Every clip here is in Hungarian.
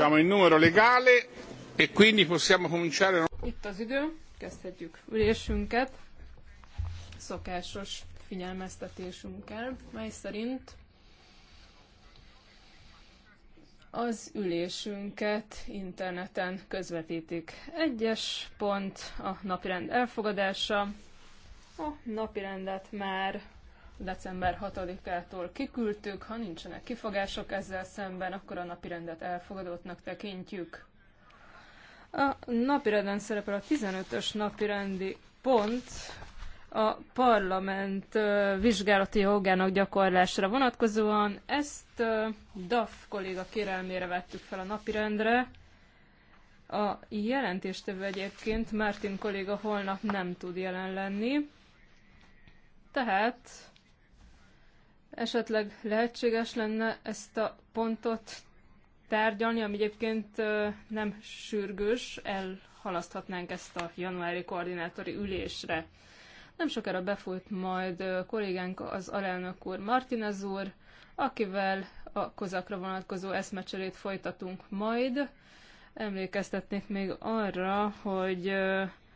Siamo in numero legale e quindi possiamo cominciare. Itt az idő, kezdhetjük ülésünket szokásos figyelmeztetésünkkel, mely szerint az ülésünket interneten közvetítik. Egyes pont a napirend elfogadása. A napirendet már december 6-ától kiküldtük. Ha nincsenek kifogások ezzel szemben, akkor a napirendet elfogadottnak tekintjük. A napirenden szerepel a 15-ös napirendi pont, a parlament vizsgálati jogának gyakorlásra vonatkozóan. Ezt DAF kolléga kérelmére vettük fel a napirendre. A jelentéstevő egyébként Martin kolléga holnap nem tud jelen lenni, tehát Esetleg lehetséges lenne ezt a pontot tárgyalni, ami egyébként nem sürgős, elhalaszthatnánk ezt a januári koordinátori ülésre. Nem sokára befújt majd kollégánk az alelnök úr Martinez úr, akivel a kozakra vonatkozó eszmecserét folytatunk majd. Emlékeztetnék még arra, hogy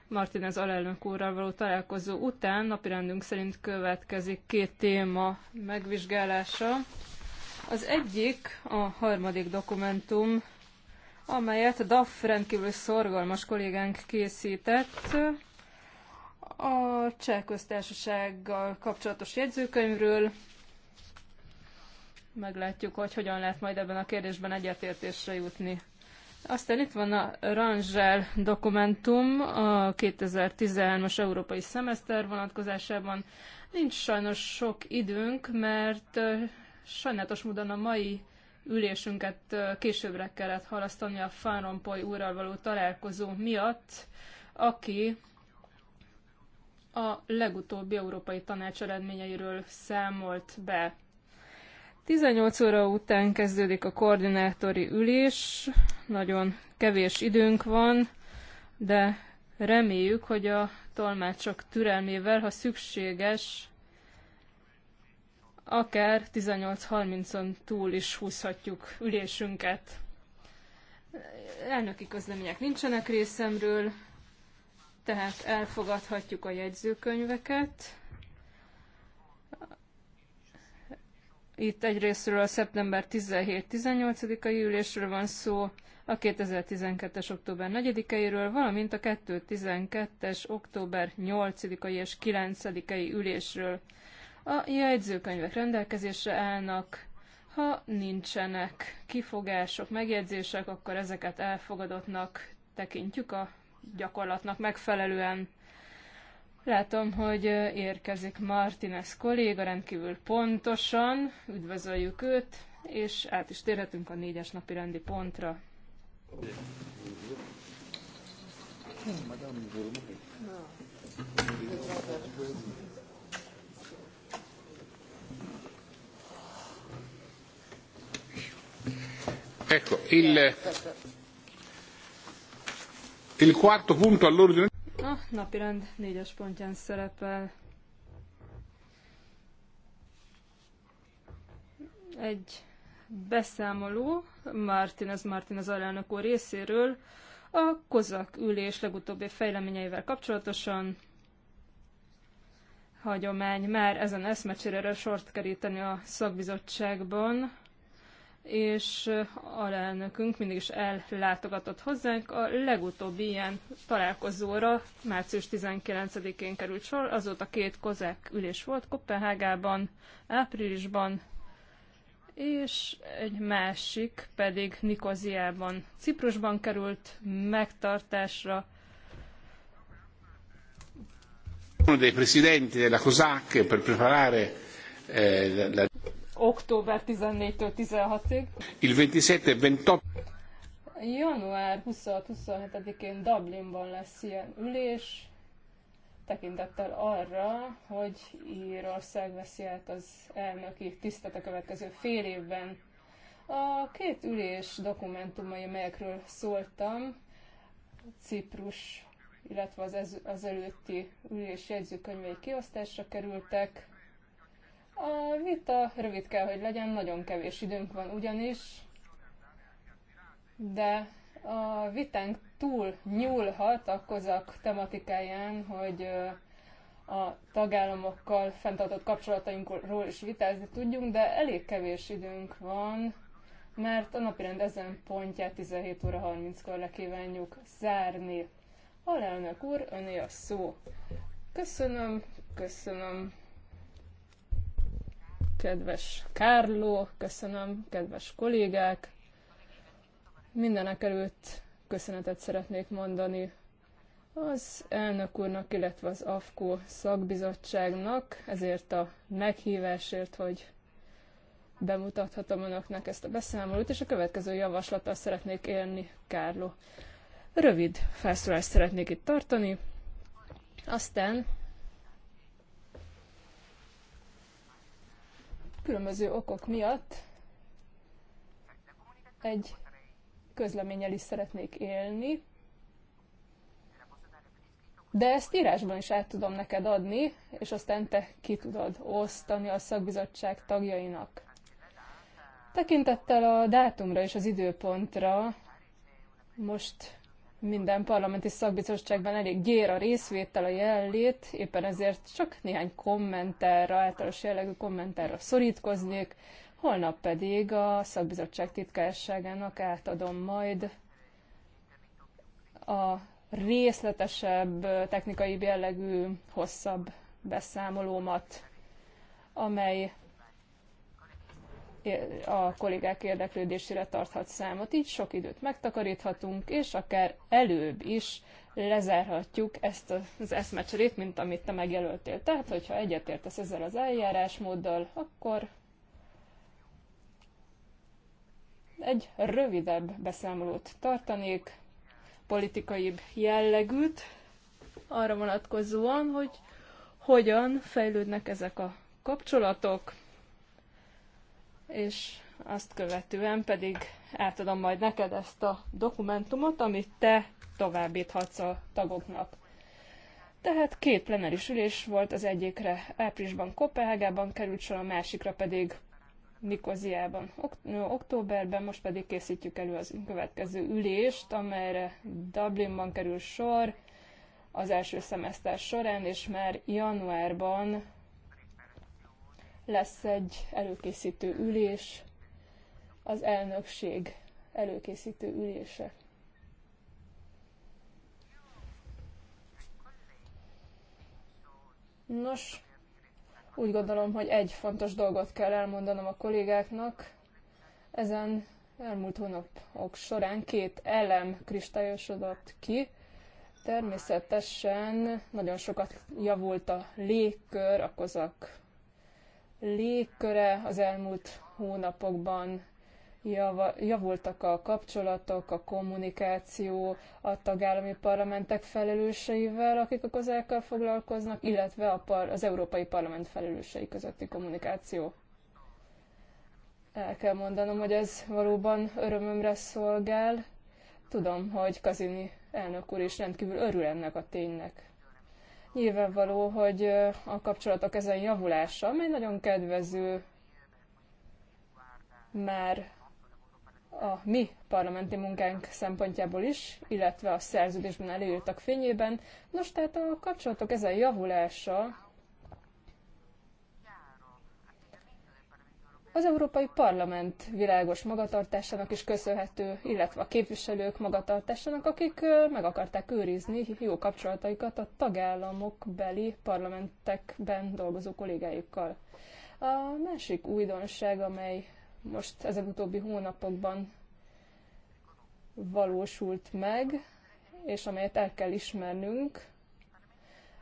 Martinez alelnök úrral való találkozó után napirendünk szerint következik két téma megvizsgálása. Az egyik a harmadik dokumentum, amelyet DAF rendkívül szorgalmas kollégánk készített a Cseh köztársasággal kapcsolatos jegyzőkönyvről. Meglátjuk, hogy hogyan lehet majd ebben a kérdésben egyetértésre jutni. Aztán itt van a Rangel dokumentum a 2013-as európai szemeszter vonatkozásában. Nincs sajnos sok időnk, mert sajnálatos módon a mai ülésünket későbbre kellett halasztani a Van Rompuy úrral való találkozó miatt, aki a legutóbbi Európai Tanács eredményeiről számolt be. 18 óra után kezdődik a koordinátori ülés, nagyon kevés időnk van, de reméljük, hogy a tolmácsok türelmével, ha szükséges, akár 18.30-on túl is húzhatjuk ülésünket. Elnöki közlemények nincsenek részemről, tehát elfogadhatjuk a jegyzőkönyveket. Itt egyrésztről a szeptember 17-18-ai ülésről van szó, a 2012-es október 4-eiről, valamint a 2012-es október 8-ai és 9-ei ülésről. A jegyzőkönyvek rendelkezésre állnak, ha nincsenek kifogások, megjegyzések, akkor ezeket elfogadottnak tekintjük a gyakorlatnak megfelelően. Látom, hogy érkezik Martinez kolléga rendkívül pontosan, üdvözöljük őt, és át is térhetünk a négyes napi rendi pontra. Ecco, il, il quarto punto all'ordine a napirend négyes pontján szerepel egy beszámoló Martinez Martinez alelnök úr részéről a kozak ülés legutóbbi fejleményeivel kapcsolatosan. Hagyomány már ezen eszmecsérére sort keríteni a szakbizottságban, és alelnökünk mindig is ellátogatott hozzánk. A legutóbbi ilyen találkozóra március 19-én került sor, azóta két kozák ülés volt Kopenhágában, áprilisban, és egy másik pedig Nikoziában, Ciprusban került megtartásra. Uno dei presidenti della COSAC per preparare eh, la október 14-től 16-ig. Il 27-28. E Január 26-27-én Dublinban lesz ilyen ülés, tekintettel arra, hogy Írország veszi át az elnöki tisztet a következő fél évben. A két ülés dokumentumai, amelyekről szóltam, Ciprus, illetve az, ez, az előtti ülés jegyzőkönyvei kiosztásra kerültek. A vita rövid kell, hogy legyen, nagyon kevés időnk van ugyanis, de a vitánk túl nyúlhat a kozak tematikáján, hogy a tagállamokkal fenntartott kapcsolatainkról is vitázni tudjunk, de elég kevés időnk van, mert a napirend ezen pontját 17 óra 30-kor kívánjuk zárni. Alelnök úr, öné a szó. Köszönöm, köszönöm kedves Kárló, köszönöm, kedves kollégák. Mindenek előtt köszönetet szeretnék mondani az elnök úrnak, illetve az AFKO szakbizottságnak ezért a meghívásért, hogy bemutathatom önöknek ezt a beszámolót, és a következő javaslattal szeretnék élni, Kárló. Rövid felszólást szeretnék itt tartani, aztán különböző okok miatt egy közleménnyel is szeretnék élni, de ezt írásban is át tudom neked adni, és aztán te ki tudod osztani a szakbizottság tagjainak. Tekintettel a dátumra és az időpontra most minden parlamenti szakbizottságban elég gyér a részvétel, a jelenlét, éppen ezért csak néhány kommentárra, általános jellegű kommentárra szorítkoznék, holnap pedig a szakbizottság titkárságának átadom majd a részletesebb, technikai jellegű, hosszabb beszámolómat, amely a kollégák érdeklődésére tarthat számot. Így sok időt megtakaríthatunk, és akár előbb is lezárhatjuk ezt az eszmecserét, mint amit te megjelöltél. Tehát, hogyha egyetértesz ezzel az eljárásmóddal, akkor egy rövidebb beszámolót tartanék, politikaibb jellegűt, arra vonatkozóan, hogy hogyan fejlődnek ezek a kapcsolatok, és azt követően pedig átadom majd neked ezt a dokumentumot, amit te továbbíthatsz a tagoknak. Tehát két plenáris ülés volt, az egyikre áprilisban Kopenhágában került sor, a másikra pedig Nikoziában októberben, most pedig készítjük elő az következő ülést, amelyre Dublinban kerül sor az első szemeszter során, és már januárban lesz egy előkészítő ülés, az elnökség előkészítő ülése. Nos, úgy gondolom, hogy egy fontos dolgot kell elmondanom a kollégáknak. Ezen elmúlt hónapok során két elem kristályosodott ki. Természetesen nagyon sokat javult a légkör, a kozak légköre az elmúlt hónapokban javultak a kapcsolatok, a kommunikáció a tagállami parlamentek felelőseivel, akik a kozákkal foglalkoznak, illetve a par- az Európai Parlament felelősei közötti kommunikáció. El kell mondanom, hogy ez valóban örömömre szolgál. Tudom, hogy Kazini elnök úr is rendkívül örül ennek a ténynek. Nyilvánvaló, hogy a kapcsolatok ezen javulása, mely nagyon kedvező már a mi parlamenti munkánk szempontjából is, illetve a szerződésben előírtak fényében. Nos, tehát a kapcsolatok ezen javulása Az Európai Parlament világos magatartásának is köszönhető, illetve a képviselők magatartásának, akik meg akarták őrizni jó kapcsolataikat a tagállamok beli parlamentekben dolgozó kollégáikkal. A másik újdonság, amely most ezen utóbbi hónapokban valósult meg, és amelyet el kell ismernünk,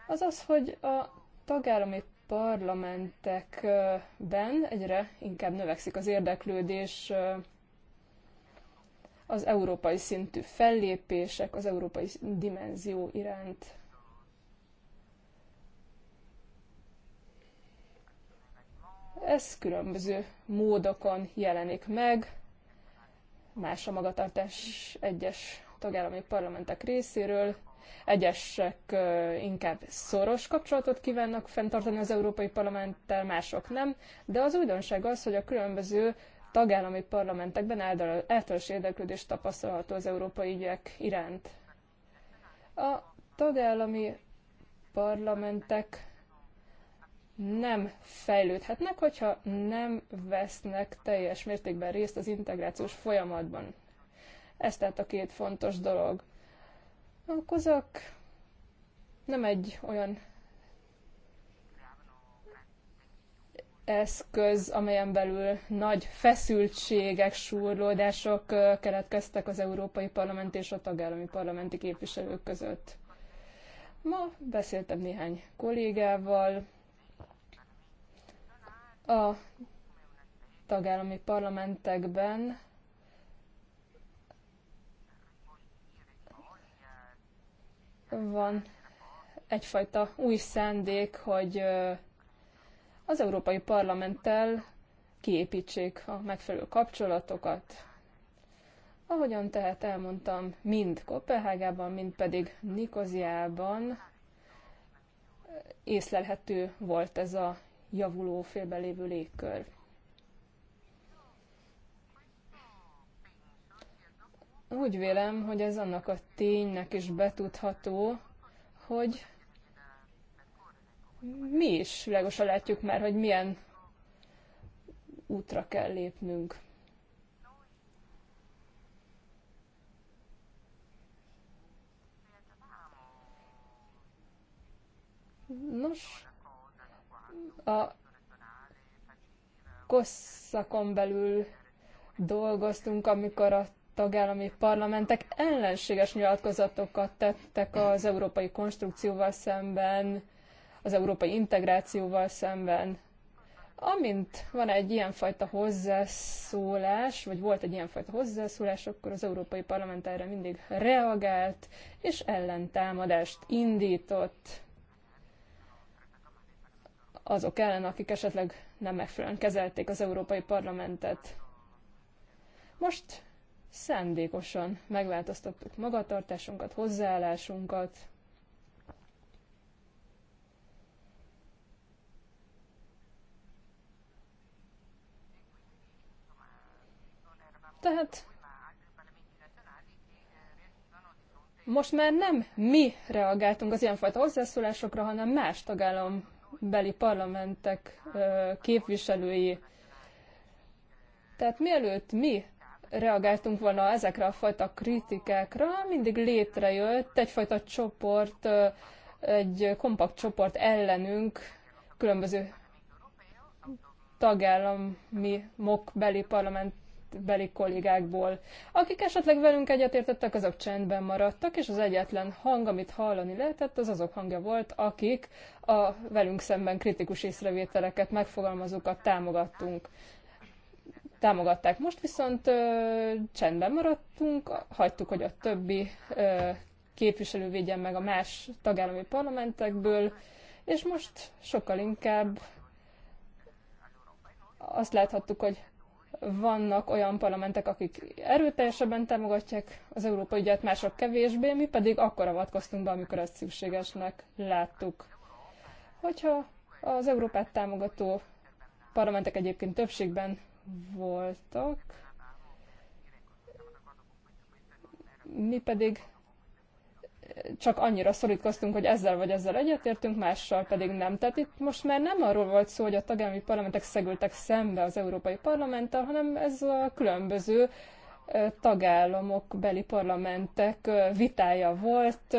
az az, hogy a tagállami parlamentekben egyre inkább növekszik az érdeklődés az európai szintű fellépések, az európai dimenzió iránt. Ez különböző módokon jelenik meg, más a magatartás egyes tagállami parlamentek részéről, Egyesek inkább szoros kapcsolatot kívánnak fenntartani az Európai Parlamenttel, mások nem, de az újdonság az, hogy a különböző tagállami parlamentekben általános érdeklődés tapasztalható az európai ügyek iránt. A tagállami parlamentek nem fejlődhetnek, hogyha nem vesznek teljes mértékben részt az integrációs folyamatban. Ez tehát a két fontos dolog. A kozak nem egy olyan eszköz, amelyen belül nagy feszültségek, súrlódások keletkeztek az Európai Parlament és a tagállami parlamenti képviselők között. Ma beszéltem néhány kollégával, a tagállami parlamentekben van egyfajta új szándék, hogy az Európai Parlamenttel kiépítsék a megfelelő kapcsolatokat. Ahogyan tehát elmondtam, mind Kopenhágában, mind pedig Nikoziában észlelhető volt ez a javuló félbelévő légkör. Úgy vélem, hogy ez annak a ténynek is betudható, hogy mi is világosan látjuk már, hogy milyen útra kell lépnünk. Nos, a kosszakon belül dolgoztunk, amikor a tagállami parlamentek ellenséges nyilatkozatokat tettek az európai konstrukcióval szemben, az európai integrációval szemben. Amint van egy ilyenfajta hozzászólás, vagy volt egy ilyenfajta hozzászólás, akkor az Európai Parlament erre mindig reagált, és ellentámadást indított azok ellen, akik esetleg nem megfelelően kezelték az Európai Parlamentet. Most szándékosan megváltoztattuk magatartásunkat, hozzáállásunkat, Tehát most már nem mi reagáltunk az ilyenfajta hozzászólásokra, hanem más tagállambeli parlamentek képviselői. Tehát mielőtt mi reagáltunk volna ezekre a fajta kritikákra, mindig létrejött egyfajta csoport, egy kompakt csoport ellenünk különböző tagállami parlament parlamentbeli kollégákból. Akik esetleg velünk egyetértettek, azok csendben maradtak, és az egyetlen hang, amit hallani lehetett, az azok hangja volt, akik a velünk szemben kritikus észrevételeket megfogalmazókat támogattunk támogatták. Most viszont ö, csendben maradtunk, hagytuk, hogy a többi ö, képviselő védjen meg a más tagállami parlamentekből, és most sokkal inkább azt láthattuk, hogy vannak olyan parlamentek, akik erőteljesebben támogatják az európai ügyet, mások kevésbé, mi pedig akkor avatkoztunk be, amikor ezt szükségesnek láttuk. Hogyha az Európát támogató parlamentek egyébként többségben voltak. Mi pedig csak annyira szorítkoztunk, hogy ezzel vagy ezzel egyetértünk, mással pedig nem. Tehát itt most már nem arról volt szó, hogy a tagállami parlamentek szegültek szembe az Európai Parlamenttel, hanem ez a különböző tagállamok beli parlamentek vitája volt,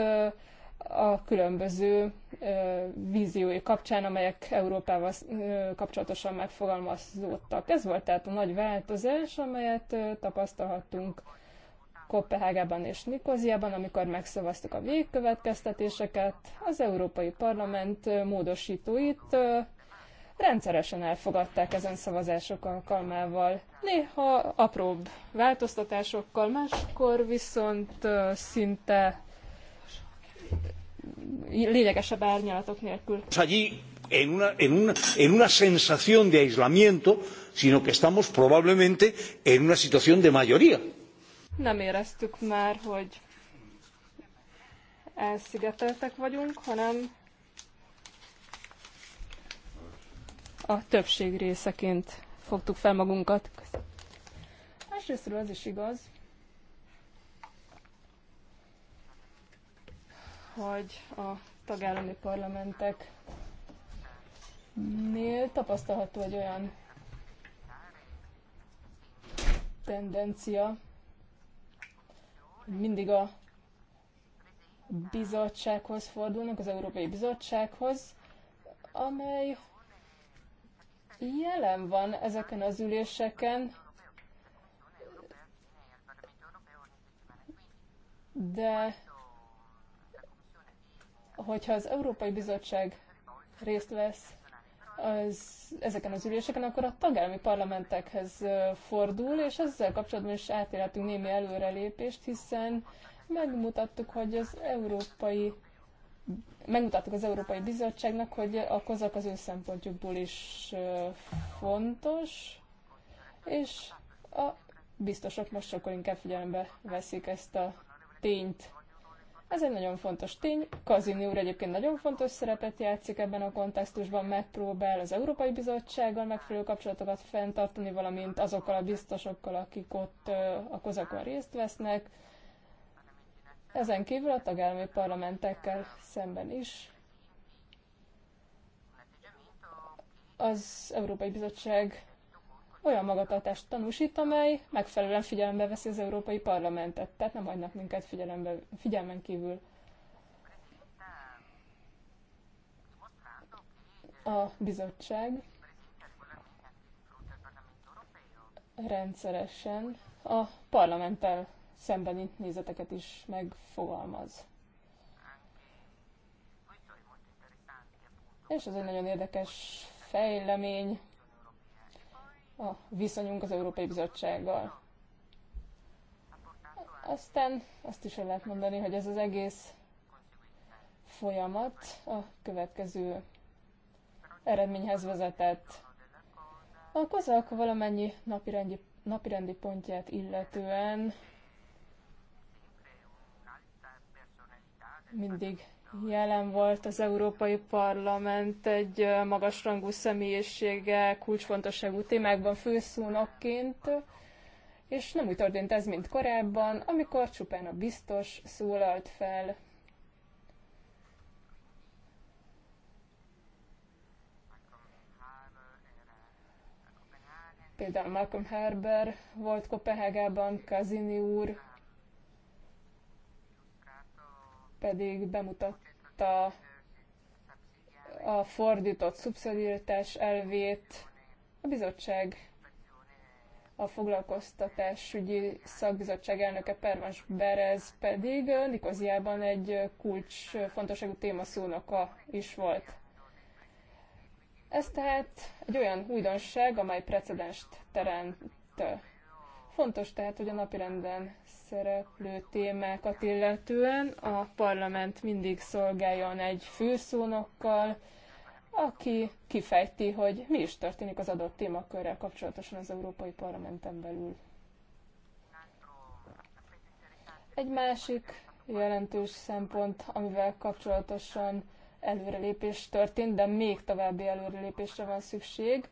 a különböző víziói kapcsán, amelyek Európával kapcsolatosan megfogalmazódtak. Ez volt tehát a nagy változás, amelyet tapasztalhattunk Kopenhágában és Nikoziában, amikor megszavaztuk a végkövetkeztetéseket, az Európai Parlament módosítóit rendszeresen elfogadták ezen szavazások alkalmával. Néha apróbb változtatásokkal, máskor viszont szinte lényegesebb árnyalatok nélkül. Allí en una, en, una, en una sensación de aislamiento, sino que estamos probablemente en una situación de mayoría. Nem éreztük már, hogy elszigeteltek vagyunk, hanem a többség részeként fogtuk fel magunkat. Másrésztről az is igaz, hogy a tagállami parlamenteknél tapasztalható egy olyan tendencia, hogy mindig a bizottsághoz fordulnak, az Európai Bizottsághoz, amely jelen van ezeken az üléseken, de hogyha az Európai Bizottság részt vesz az, ezeken az üléseken, akkor a tagállami parlamentekhez fordul, és ezzel kapcsolatban is átélhetünk némi előrelépést, hiszen megmutattuk, hogy az Európai megmutattuk az Európai Bizottságnak, hogy a kozak az ő szempontjukból is fontos, és a biztosok most sokkal inkább figyelembe veszik ezt a tényt. Ez egy nagyon fontos tény. Kazini úr egyébként nagyon fontos szerepet játszik ebben a kontextusban, megpróbál az Európai Bizottsággal megfelelő kapcsolatokat fenntartani, valamint azokkal a biztosokkal, akik ott a kozakon részt vesznek. Ezen kívül a tagállami parlamentekkel szemben is az Európai Bizottság olyan magatartást tanúsít, amely megfelelően figyelembe veszi az Európai Parlamentet, tehát nem hagynak minket figyelembe, figyelmen kívül. A bizottság rendszeresen a parlamenttel szembeni nézeteket is megfogalmaz. És ez egy nagyon érdekes fejlemény, a viszonyunk az Európai Bizottsággal. Aztán azt is el lehet mondani, hogy ez az egész folyamat a következő eredményhez vezetett. A kozak valamennyi napirendi, napirendi pontját illetően mindig jelen volt az Európai Parlament egy magasrangú személyisége kulcsfontosságú témákban főszónokként, és nem úgy történt ez, mint korábban, amikor csupán a biztos szólalt fel. Például Malcolm Harber volt Kopenhágában, Kazini úr, pedig bemutatta a fordított szubszidiaritás elvét. A bizottság, a foglalkoztatásügyi szakbizottság elnöke Pervans Berez pedig Nikoziában egy kulcs fontosságú témaszónoka is volt. Ez tehát egy olyan újdonság, amely precedenst teremt Fontos tehát, hogy a napirenden szereplő témákat illetően a parlament mindig szolgáljon egy főszónokkal, aki kifejti, hogy mi is történik az adott témakörrel kapcsolatosan az Európai Parlamenten belül. Egy másik jelentős szempont, amivel kapcsolatosan előrelépés történt, de még további előrelépésre van szükség –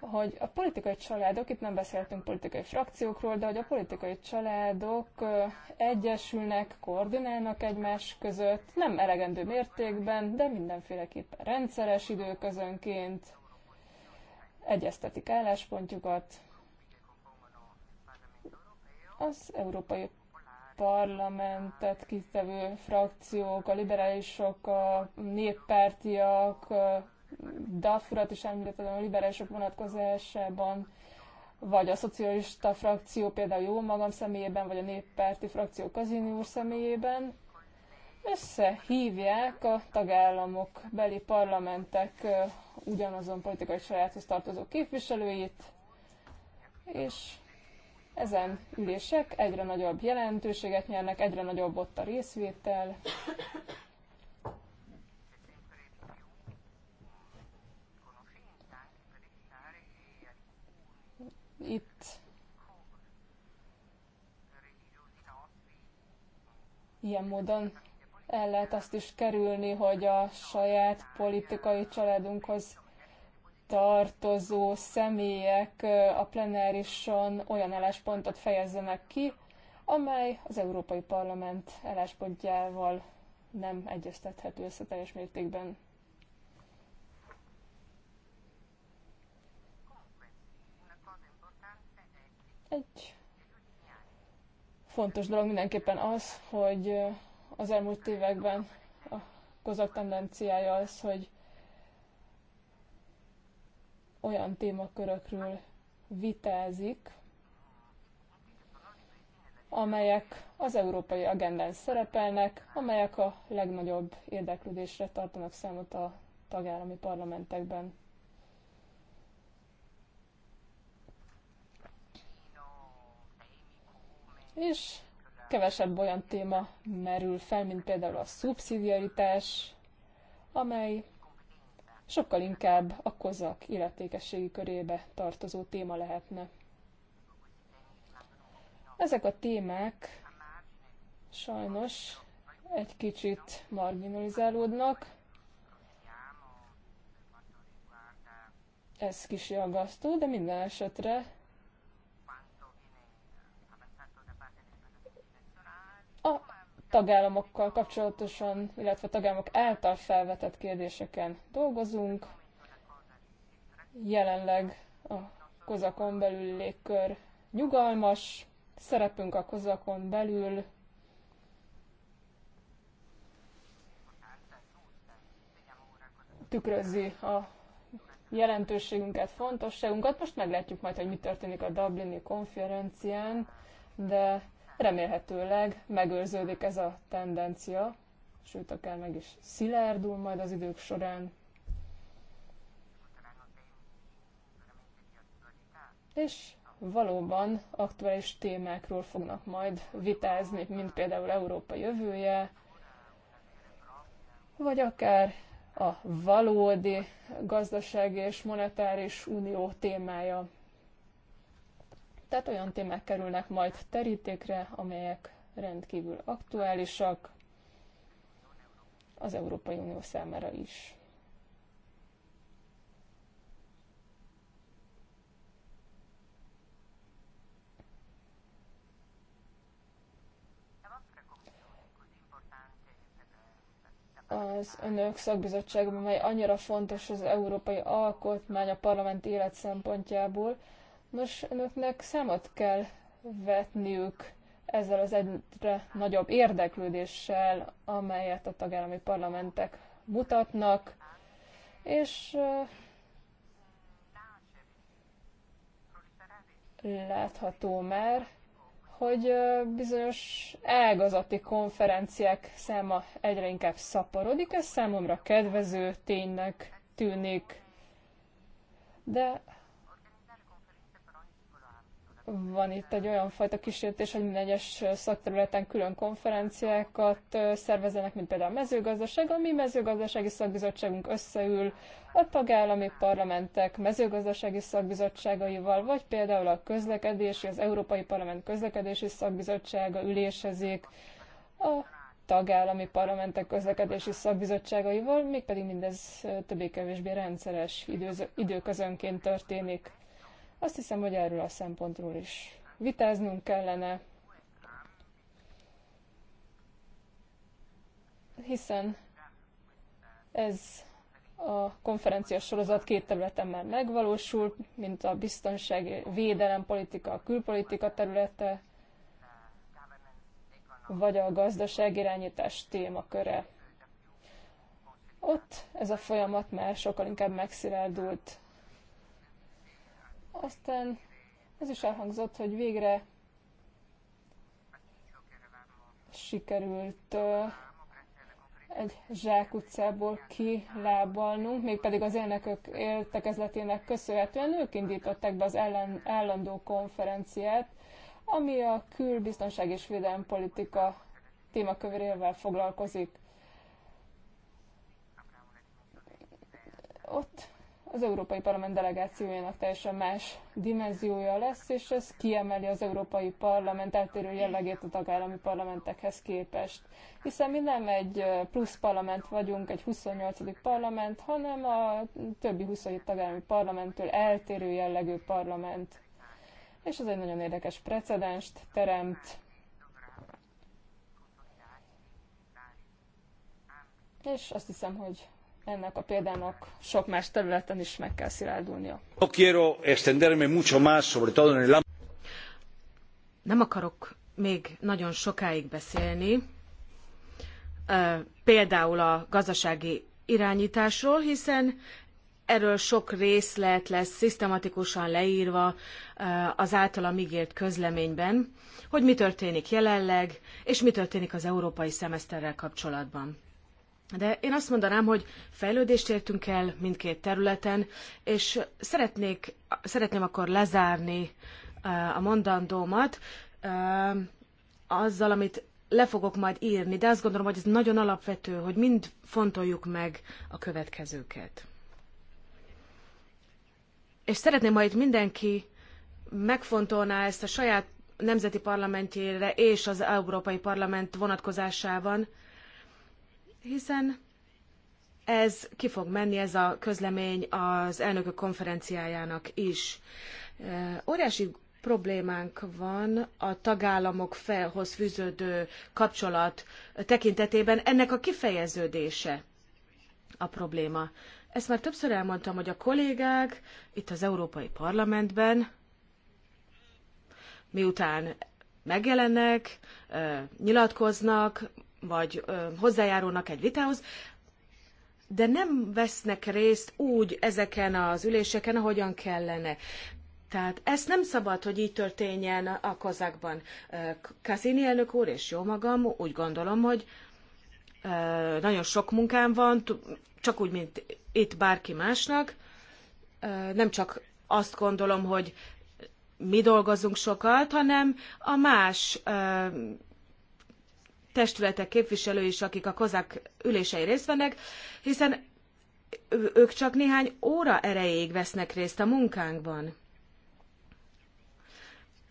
hogy a politikai családok, itt nem beszéltünk politikai frakciókról, de hogy a politikai családok egyesülnek, koordinálnak egymás között, nem elegendő mértékben, de mindenféleképpen rendszeres időközönként egyeztetik álláspontjukat. Az Európai Parlamentet kitevő frakciók, a liberálisok, a néppártiak, dafurat is említettem a liberálisok vonatkozásában, vagy a szocialista frakció például jó magam személyében, vagy a néppárti frakció Kazini úr személyében, összehívják a tagállamok beli parlamentek ugyanazon politikai sajáthoz tartozó képviselőit, és ezen ülések egyre nagyobb jelentőséget nyernek, egyre nagyobb ott a részvétel, Itt ilyen módon el lehet azt is kerülni, hogy a saját politikai családunkhoz tartozó személyek a plenárison olyan álláspontot fejezzenek ki, amely az Európai Parlament álláspontjával nem egyeztethető össze teljes mértékben. Egy fontos dolog mindenképpen az, hogy az elmúlt években a kozak tendenciája az, hogy olyan témakörökről vitázik, amelyek az európai agendán szerepelnek, amelyek a legnagyobb érdeklődésre tartanak számot a tagállami parlamentekben. és kevesebb olyan téma merül fel, mint például a szubszidiaritás, amely sokkal inkább a kozak illetékességi körébe tartozó téma lehetne. Ezek a témák sajnos egy kicsit marginalizálódnak. Ez kis aggasztó, de minden esetre a tagállamokkal kapcsolatosan, illetve tagállamok által felvetett kérdéseken dolgozunk. Jelenleg a kozakon belül légkör nyugalmas, szerepünk a kozakon belül tükrözi a jelentőségünket, fontosságunkat. Most meglátjuk majd, hogy mi történik a Dublini konferencián, de Remélhetőleg megőrződik ez a tendencia, sőt, akár meg is szilárdul majd az idők során. És valóban aktuális témákról fognak majd vitázni, mint például Európa jövője, vagy akár a valódi gazdasági és monetáris unió témája. Tehát olyan témák kerülnek majd terítékre, amelyek rendkívül aktuálisak az Európai Unió számára is. az önök szakbizottságban, mely annyira fontos az európai alkotmány a parlament élet szempontjából, Nos, önöknek számot kell vetniük ezzel az egyre nagyobb érdeklődéssel, amelyet a tagállami parlamentek mutatnak, és látható már, hogy bizonyos ágazati konferenciák száma egyre inkább szaporodik, ez számomra kedvező ténynek tűnik, de van itt egy olyan fajta kísértés, hogy minden egyes szakterületen külön konferenciákat szervezenek, mint például a mezőgazdaság. A mi mezőgazdasági szakbizottságunk összeül a tagállami parlamentek mezőgazdasági szakbizottságaival, vagy például a közlekedési, az Európai Parlament közlekedési szakbizottsága ülésezik a tagállami parlamentek közlekedési szakbizottságaival, mégpedig mindez többé-kevésbé rendszeres időközönként történik. Azt hiszem, hogy erről a szempontról is vitáznunk kellene, hiszen ez a konferenciás sorozat két területen már megvalósul, mint a biztonsági védelem, politika, a külpolitika területe, vagy a gazdaság irányítás témaköre. Ott ez a folyamat már sokkal inkább megszilárdult. Aztán ez is elhangzott, hogy végre sikerült egy utcából kilábalnunk, mégpedig az élnökök értekezletének köszönhetően ők indították be az ellen, állandó konferenciát, ami a külbiztonság és védelmi politika témakövérével foglalkozik. Ott az Európai Parlament delegációjának teljesen más dimenziója lesz, és ez kiemeli az Európai Parlament eltérő jellegét a tagállami parlamentekhez képest. Hiszen mi nem egy plusz parlament vagyunk, egy 28. parlament, hanem a többi 27 tagállami parlamenttől eltérő jellegű parlament. És ez egy nagyon érdekes precedenst teremt. És azt hiszem, hogy ennek a példának sok más területen is meg kell szilárdulnia. Nem akarok még nagyon sokáig beszélni, például a gazdasági irányításról, hiszen erről sok részlet lesz szisztematikusan leírva az általam ígért közleményben, hogy mi történik jelenleg, és mi történik az európai szemeszterrel kapcsolatban. De én azt mondanám, hogy fejlődést értünk el mindkét területen, és szeretnék, szeretném akkor lezárni a mondandómat azzal, amit le fogok majd írni, de azt gondolom, hogy ez nagyon alapvető, hogy mind fontoljuk meg a következőket. És szeretném, ha itt mindenki megfontolná ezt a saját nemzeti parlamentjére és az Európai Parlament vonatkozásában, hiszen ez ki fog menni, ez a közlemény az elnökök konferenciájának is. Óriási problémánk van a tagállamok felhoz fűződő kapcsolat tekintetében ennek a kifejeződése a probléma. Ezt már többször elmondtam, hogy a kollégák itt az Európai Parlamentben, miután megjelennek, nyilatkoznak, vagy ö, hozzájárulnak egy vitához, de nem vesznek részt úgy ezeken az üléseken, ahogyan kellene. Tehát ezt nem szabad, hogy így történjen a kozákban. Kaszini elnök úr és jó magam, úgy gondolom, hogy nagyon sok munkám van, csak úgy, mint itt bárki másnak. Nem csak azt gondolom, hogy mi dolgozunk sokat, hanem a más testületek képviselői is, akik a kozák ülései részt vennek, hiszen ők csak néhány óra erejéig vesznek részt a munkánkban.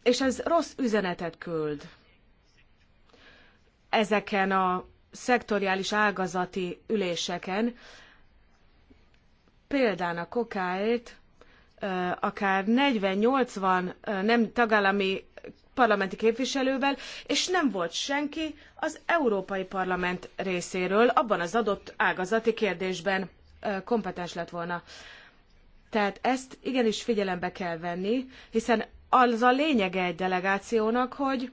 És ez rossz üzenetet küld ezeken a szektoriális ágazati üléseken, példán a kokáért, akár 40-80 nem tagállami parlamenti képviselővel, és nem volt senki az Európai Parlament részéről abban az adott ágazati kérdésben kompetens lett volna. Tehát ezt igenis figyelembe kell venni, hiszen az a lényege egy delegációnak, hogy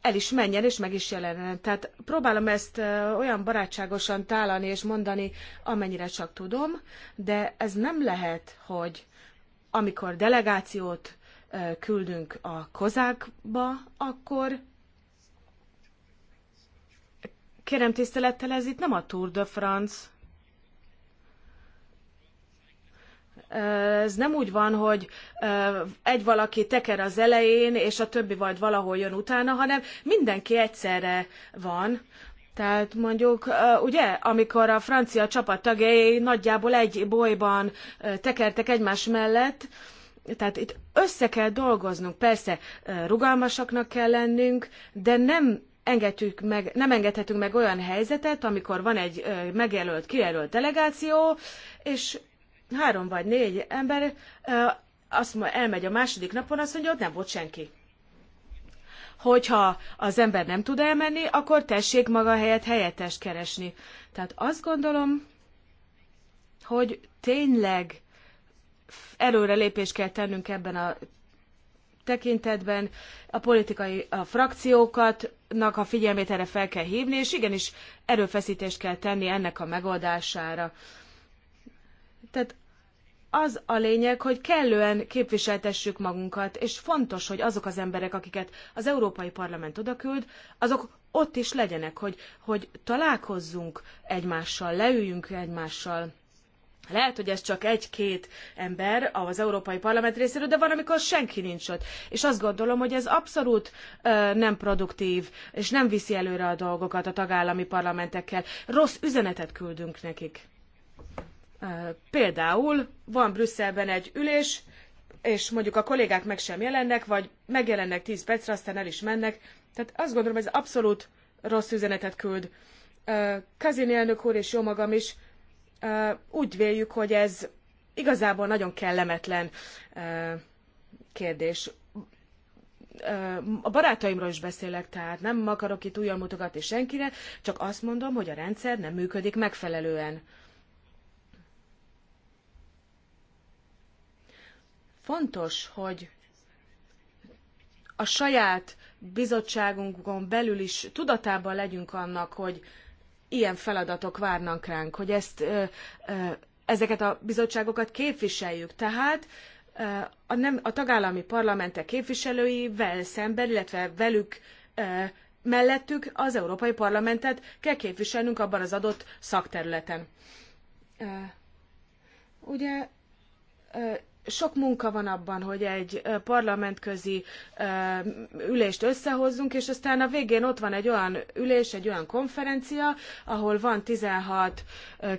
el is menjen és meg is jelenjen. Tehát próbálom ezt olyan barátságosan tálani és mondani, amennyire csak tudom, de ez nem lehet, hogy amikor delegációt küldünk a kozákba, akkor kérem tisztelettel, ez itt nem a Tour de France. Ez nem úgy van, hogy egy valaki teker az elején, és a többi vagy valahol jön utána, hanem mindenki egyszerre van. Tehát mondjuk, ugye, amikor a francia csapat tagjai nagyjából egy bolyban tekertek egymás mellett, tehát itt össze kell dolgoznunk, persze rugalmasaknak kell lennünk, de nem engedjük meg, nem engedhetünk meg olyan helyzetet, amikor van egy megjelölt, kijelölt delegáció, és három vagy négy ember azt mondja, elmegy a második napon, azt mondja, hogy nem volt senki. Hogyha az ember nem tud elmenni, akkor tessék maga helyet, helyettest keresni. Tehát azt gondolom, hogy tényleg előre kell tennünk ebben a tekintetben, a politikai a frakciókatnak a figyelmét erre fel kell hívni, és igenis erőfeszítést kell tenni ennek a megoldására. Tehát az a lényeg, hogy kellően képviseltessük magunkat, és fontos, hogy azok az emberek, akiket az Európai Parlament odaküld, azok ott is legyenek, hogy, hogy találkozzunk egymással, leüljünk egymással lehet, hogy ez csak egy-két ember az Európai Parlament részéről, de van, amikor senki nincs ott. És azt gondolom, hogy ez abszolút ö, nem produktív, és nem viszi előre a dolgokat a tagállami parlamentekkel. Rossz üzenetet küldünk nekik. Ö, például van Brüsszelben egy ülés, és mondjuk a kollégák meg sem jelennek, vagy megjelennek 10 percre, aztán el is mennek. Tehát azt gondolom, ez abszolút rossz üzenetet küld. Kazin elnök úr és jó magam is úgy véljük, hogy ez igazából nagyon kellemetlen kérdés. A barátaimról is beszélek, tehát nem akarok itt újra mutogatni senkire, csak azt mondom, hogy a rendszer nem működik megfelelően. Fontos, hogy a saját bizottságunkon belül is tudatában legyünk annak, hogy ilyen feladatok várnak ránk, hogy ezt, ezeket a bizottságokat képviseljük. Tehát a, nem, a tagállami parlamentek képviselőivel szemben, illetve velük mellettük az Európai Parlamentet kell képviselnünk abban az adott szakterületen. Ugye sok munka van abban, hogy egy parlamentközi ülést összehozzunk, és aztán a végén ott van egy olyan ülés, egy olyan konferencia, ahol van 16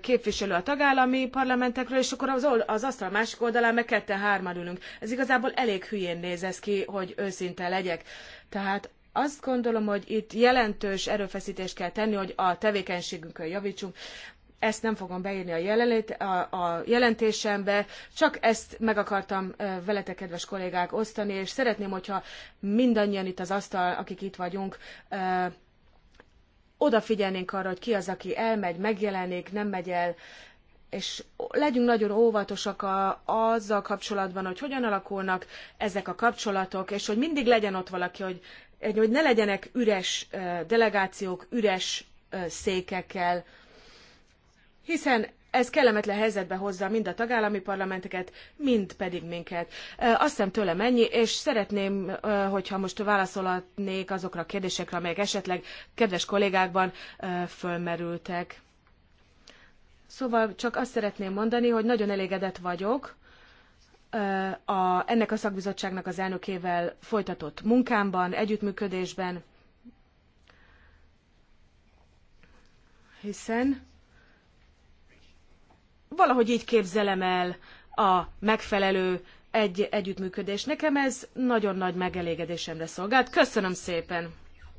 képviselő a tagállami parlamentekről, és akkor az, az asztal másik oldalán meg ketten-hárman ülünk. Ez igazából elég hülyén néz ez ki, hogy őszinte legyek. Tehát azt gondolom, hogy itt jelentős erőfeszítést kell tenni, hogy a tevékenységünkön javítsunk ezt nem fogom beírni a, jelenlét, a, a jelentésembe, csak ezt meg akartam veletek, kedves kollégák, osztani, és szeretném, hogyha mindannyian itt az asztal, akik itt vagyunk, odafigyelnénk arra, hogy ki az, aki elmegy, megjelenik, nem megy el, és legyünk nagyon óvatosak a, azzal kapcsolatban, hogy hogyan alakulnak ezek a kapcsolatok, és hogy mindig legyen ott valaki, hogy, hogy ne legyenek üres delegációk, üres székekkel, hiszen ez kellemetlen helyzetbe hozza mind a tagállami parlamenteket, mind pedig minket. Azt hiszem tőlem ennyi, és szeretném, hogyha most válaszolatnék azokra a kérdésekre, amelyek esetleg kedves kollégákban fölmerültek. Szóval csak azt szeretném mondani, hogy nagyon elégedett vagyok a, ennek a szakbizottságnak az elnökével folytatott munkámban, együttműködésben, hiszen valahogy így képzelem el a megfelelő egy együttműködés. Nekem ez nagyon nagy megelégedésemre szolgált. Köszönöm szépen!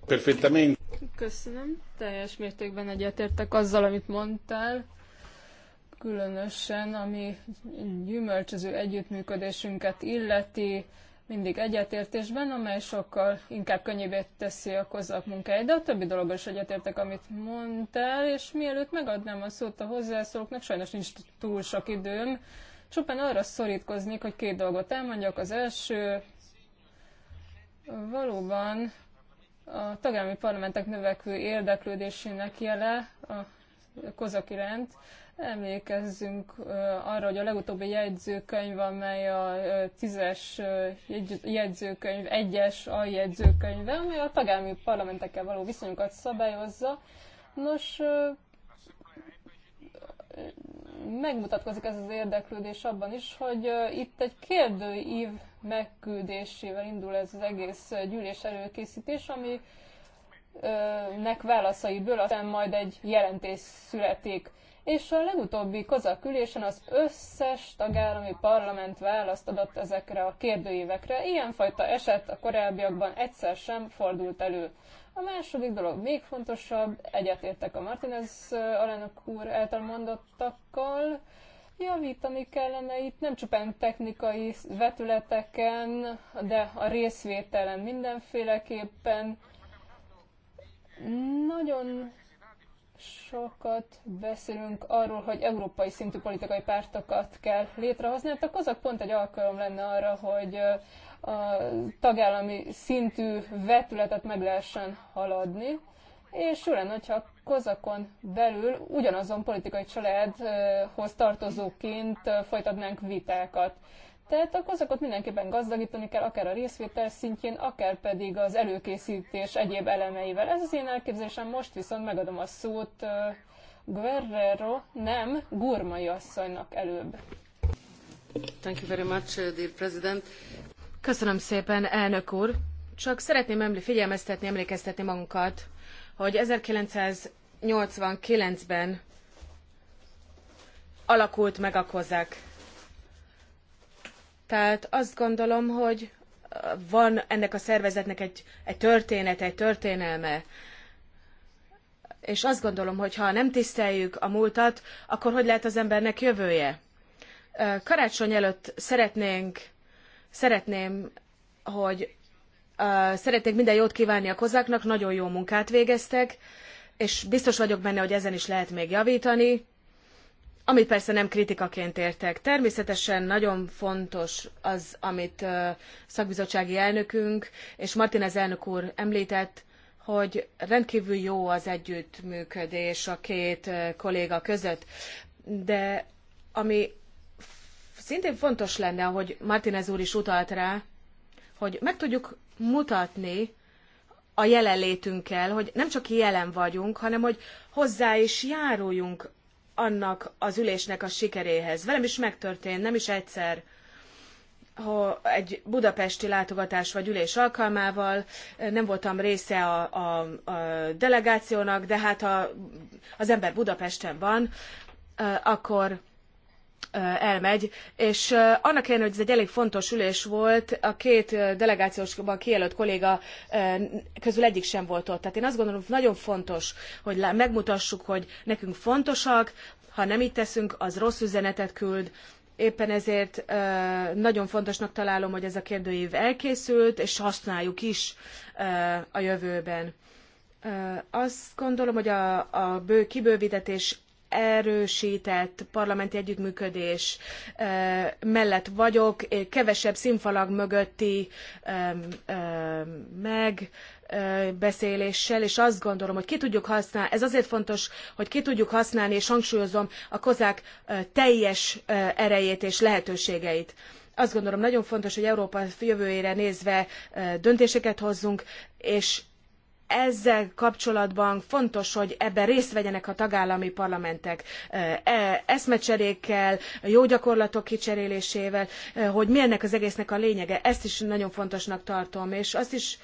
Perfettamente. Köszönöm. Teljes mértékben egyetértek azzal, amit mondtál. Különösen, ami gyümölcsöző együttműködésünket illeti, mindig egyetértésben, amely sokkal inkább könnyebbé teszi a kozak munkáját, de a többi dologban is egyetértek, amit mondtál, és mielőtt megadnám a szót a hozzászólóknak, sajnos nincs túl sok időm, csupán arra szorítkoznék, hogy két dolgot elmondjak. Az első, valóban a tagállami parlamentek növekvő érdeklődésének jele a kozak iránt, Emlékezzünk arra, hogy a legutóbbi jegyzőkönyv, amely a tízes jegyzőkönyv, egyes a aljegyzőkönyve, amely a tagállami parlamentekkel való viszonyukat szabályozza. Nos, megmutatkozik ez az érdeklődés abban is, hogy itt egy kérdőív megküldésével indul ez az egész gyűlés előkészítés, ami nek válaszaiből aztán majd egy jelentés születik és a legutóbbi kozak ülésen az összes tagállami parlament választ adott ezekre a kérdőívekre. Ilyenfajta eset a korábbiakban egyszer sem fordult elő. A második dolog még fontosabb, egyetértek a Martinez alelnök úr által mondottakkal, javítani kellene itt nem csupán technikai vetületeken, de a részvételen mindenféleképpen. Nagyon sokat beszélünk arról, hogy európai szintű politikai pártokat kell létrehozni, hát a COSAC pont egy alkalom lenne arra, hogy a tagállami szintű vetületet meg lehessen haladni, és jó lenne, hogyha a kozakon belül ugyanazon politikai családhoz tartozóként folytatnánk vitákat. Tehát akkor azokat mindenképpen gazdagítani kell, akár a részvétel szintjén, akár pedig az előkészítés egyéb elemeivel. Ez az én elképzelésem, most viszont megadom a szót Guerrero, nem, Gurmai asszonynak előbb. Thank you very much, uh, dear President. Köszönöm szépen, elnök úr. Csak szeretném emlé figyelmeztetni, emlékeztetni magunkat, hogy 1989-ben alakult meg a kozák tehát azt gondolom, hogy van ennek a szervezetnek egy, egy története, egy történelme. És azt gondolom, hogy ha nem tiszteljük a múltat, akkor hogy lehet az embernek jövője? Karácsony előtt szeretnénk, szeretném, hogy szeretnék minden jót kívánni a kozáknak, nagyon jó munkát végeztek, és biztos vagyok benne, hogy ezen is lehet még javítani amit persze nem kritikaként értek. Természetesen nagyon fontos az, amit szakbizottsági elnökünk és Martinez elnök úr említett, hogy rendkívül jó az együttműködés a két kolléga között, de ami szintén fontos lenne, hogy Martinez úr is utalt rá, hogy meg tudjuk mutatni a jelenlétünkkel, hogy nem csak jelen vagyunk, hanem hogy hozzá is járuljunk annak az ülésnek a sikeréhez. Velem is megtörtént, nem is egyszer ha egy budapesti látogatás vagy ülés alkalmával nem voltam része a, a, a delegációnak, de hát ha az ember Budapesten van, akkor elmegy, és annak ellenére, hogy ez egy elég fontos ülés volt, a két delegációsban kijelölt kolléga közül egyik sem volt ott. Tehát én azt gondolom, hogy nagyon fontos, hogy megmutassuk, hogy nekünk fontosak, ha nem így teszünk, az rossz üzenetet küld, éppen ezért nagyon fontosnak találom, hogy ez a kérdőív elkészült, és használjuk is a jövőben. Azt gondolom, hogy a, a bő kibővítés erősített parlamenti együttműködés mellett vagyok, kevesebb színfalag mögötti meg beszéléssel, és azt gondolom, hogy ki tudjuk használni, ez azért fontos, hogy ki tudjuk használni, és hangsúlyozom a kozák teljes erejét és lehetőségeit azt gondolom nagyon fontos, hogy Európa jövőjére nézve döntéseket hozzunk, és ezzel kapcsolatban fontos, hogy ebben részt vegyenek a tagállami parlamentek eh, e, eszmecserékkel, jó gyakorlatok kicserélésével, eh, hogy mi ennek az egésznek a lényege. Ezt is nagyon fontosnak tartom, és azt is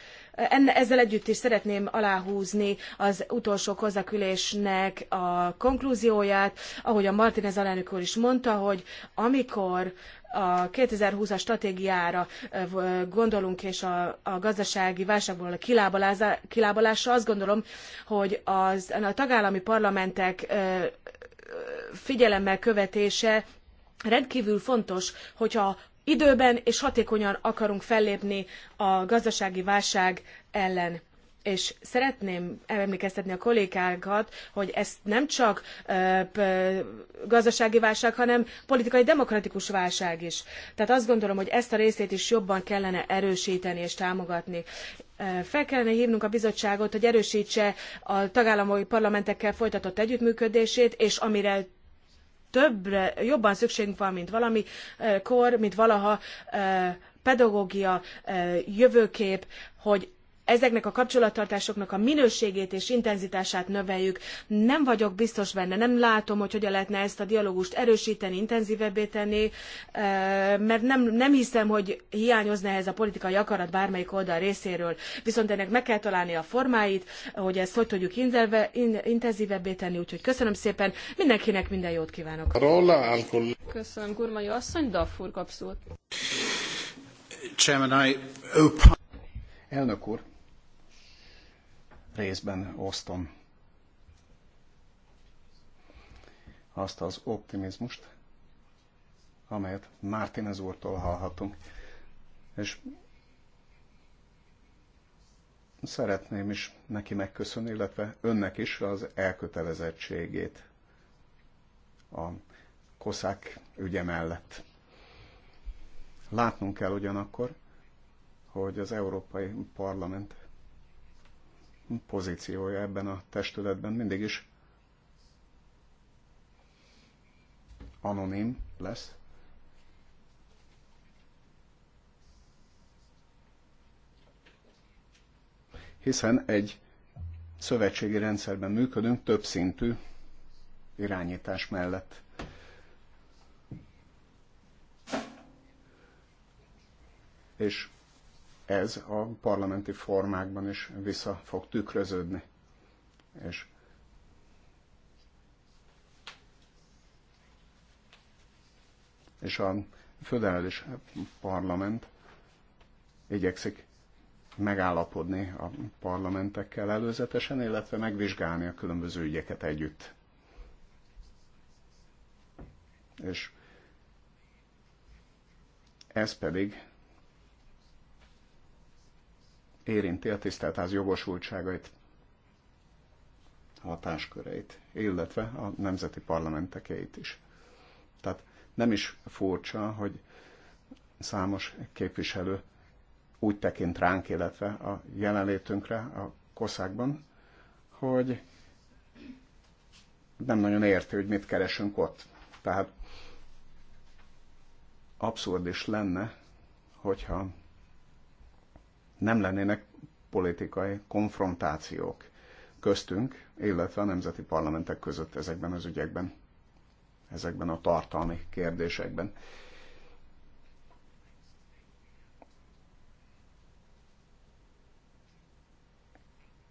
ezzel együtt is szeretném aláhúzni az utolsó kozakülésnek a konklúzióját, ahogy a Martinez alelnök úr is mondta, hogy amikor a 2020-as stratégiára gondolunk, és a, a gazdasági válságból a kilábalásra, azt gondolom, hogy az, a tagállami parlamentek figyelemmel követése rendkívül fontos, hogyha időben és hatékonyan akarunk fellépni a gazdasági válság ellen és szeretném emlékeztetni a kollégákat, hogy ez nem csak gazdasági válság, hanem politikai demokratikus válság is. Tehát azt gondolom, hogy ezt a részét is jobban kellene erősíteni és támogatni. Fel kellene hívnunk a bizottságot, hogy erősítse a tagállami parlamentekkel folytatott együttműködését, és amire többre, jobban szükségünk van, mint valami eh, kor, mint valaha eh, pedagógia, eh, jövőkép, hogy ezeknek a kapcsolattartásoknak a minőségét és intenzitását növeljük. Nem vagyok biztos benne, nem látom, hogy hogyan lehetne ezt a dialógust erősíteni, intenzívebbé tenni, mert nem, nem hiszem, hogy hiányozna ez a politikai akarat bármelyik oldal részéről. Viszont ennek meg kell találni a formáit, hogy ezt hogy tudjuk inzelve, in, intenzívebbé tenni, úgyhogy köszönöm szépen, mindenkinek minden jót kívánok. Köszönöm, Gurmai asszony, Daffur kapszót. Elnök úr, részben osztom azt az optimizmust, amelyet Mártinez úrtól hallhatunk. És szeretném is neki megköszönni, illetve önnek is az elkötelezettségét a koszák ügye mellett. Látnunk kell ugyanakkor, hogy az Európai Parlament pozíciója ebben a testületben mindig is anonim lesz. Hiszen egy szövetségi rendszerben működünk többszintű irányítás mellett. És ez a parlamenti formákban is vissza fog tükröződni. És és a föderális parlament igyekszik megállapodni a parlamentekkel előzetesen, illetve megvizsgálni a különböző ügyeket együtt. És ez pedig érinti a tiszteltház jogosultságait, hatásköreit, illetve a nemzeti parlamentekeit is. Tehát nem is furcsa, hogy számos képviselő úgy tekint ránk, illetve a jelenlétünkre a koszákban, hogy nem nagyon érti, hogy mit keresünk ott. Tehát abszurd is lenne, hogyha nem lennének politikai konfrontációk köztünk, illetve a nemzeti parlamentek között ezekben az ügyekben, ezekben a tartalmi kérdésekben.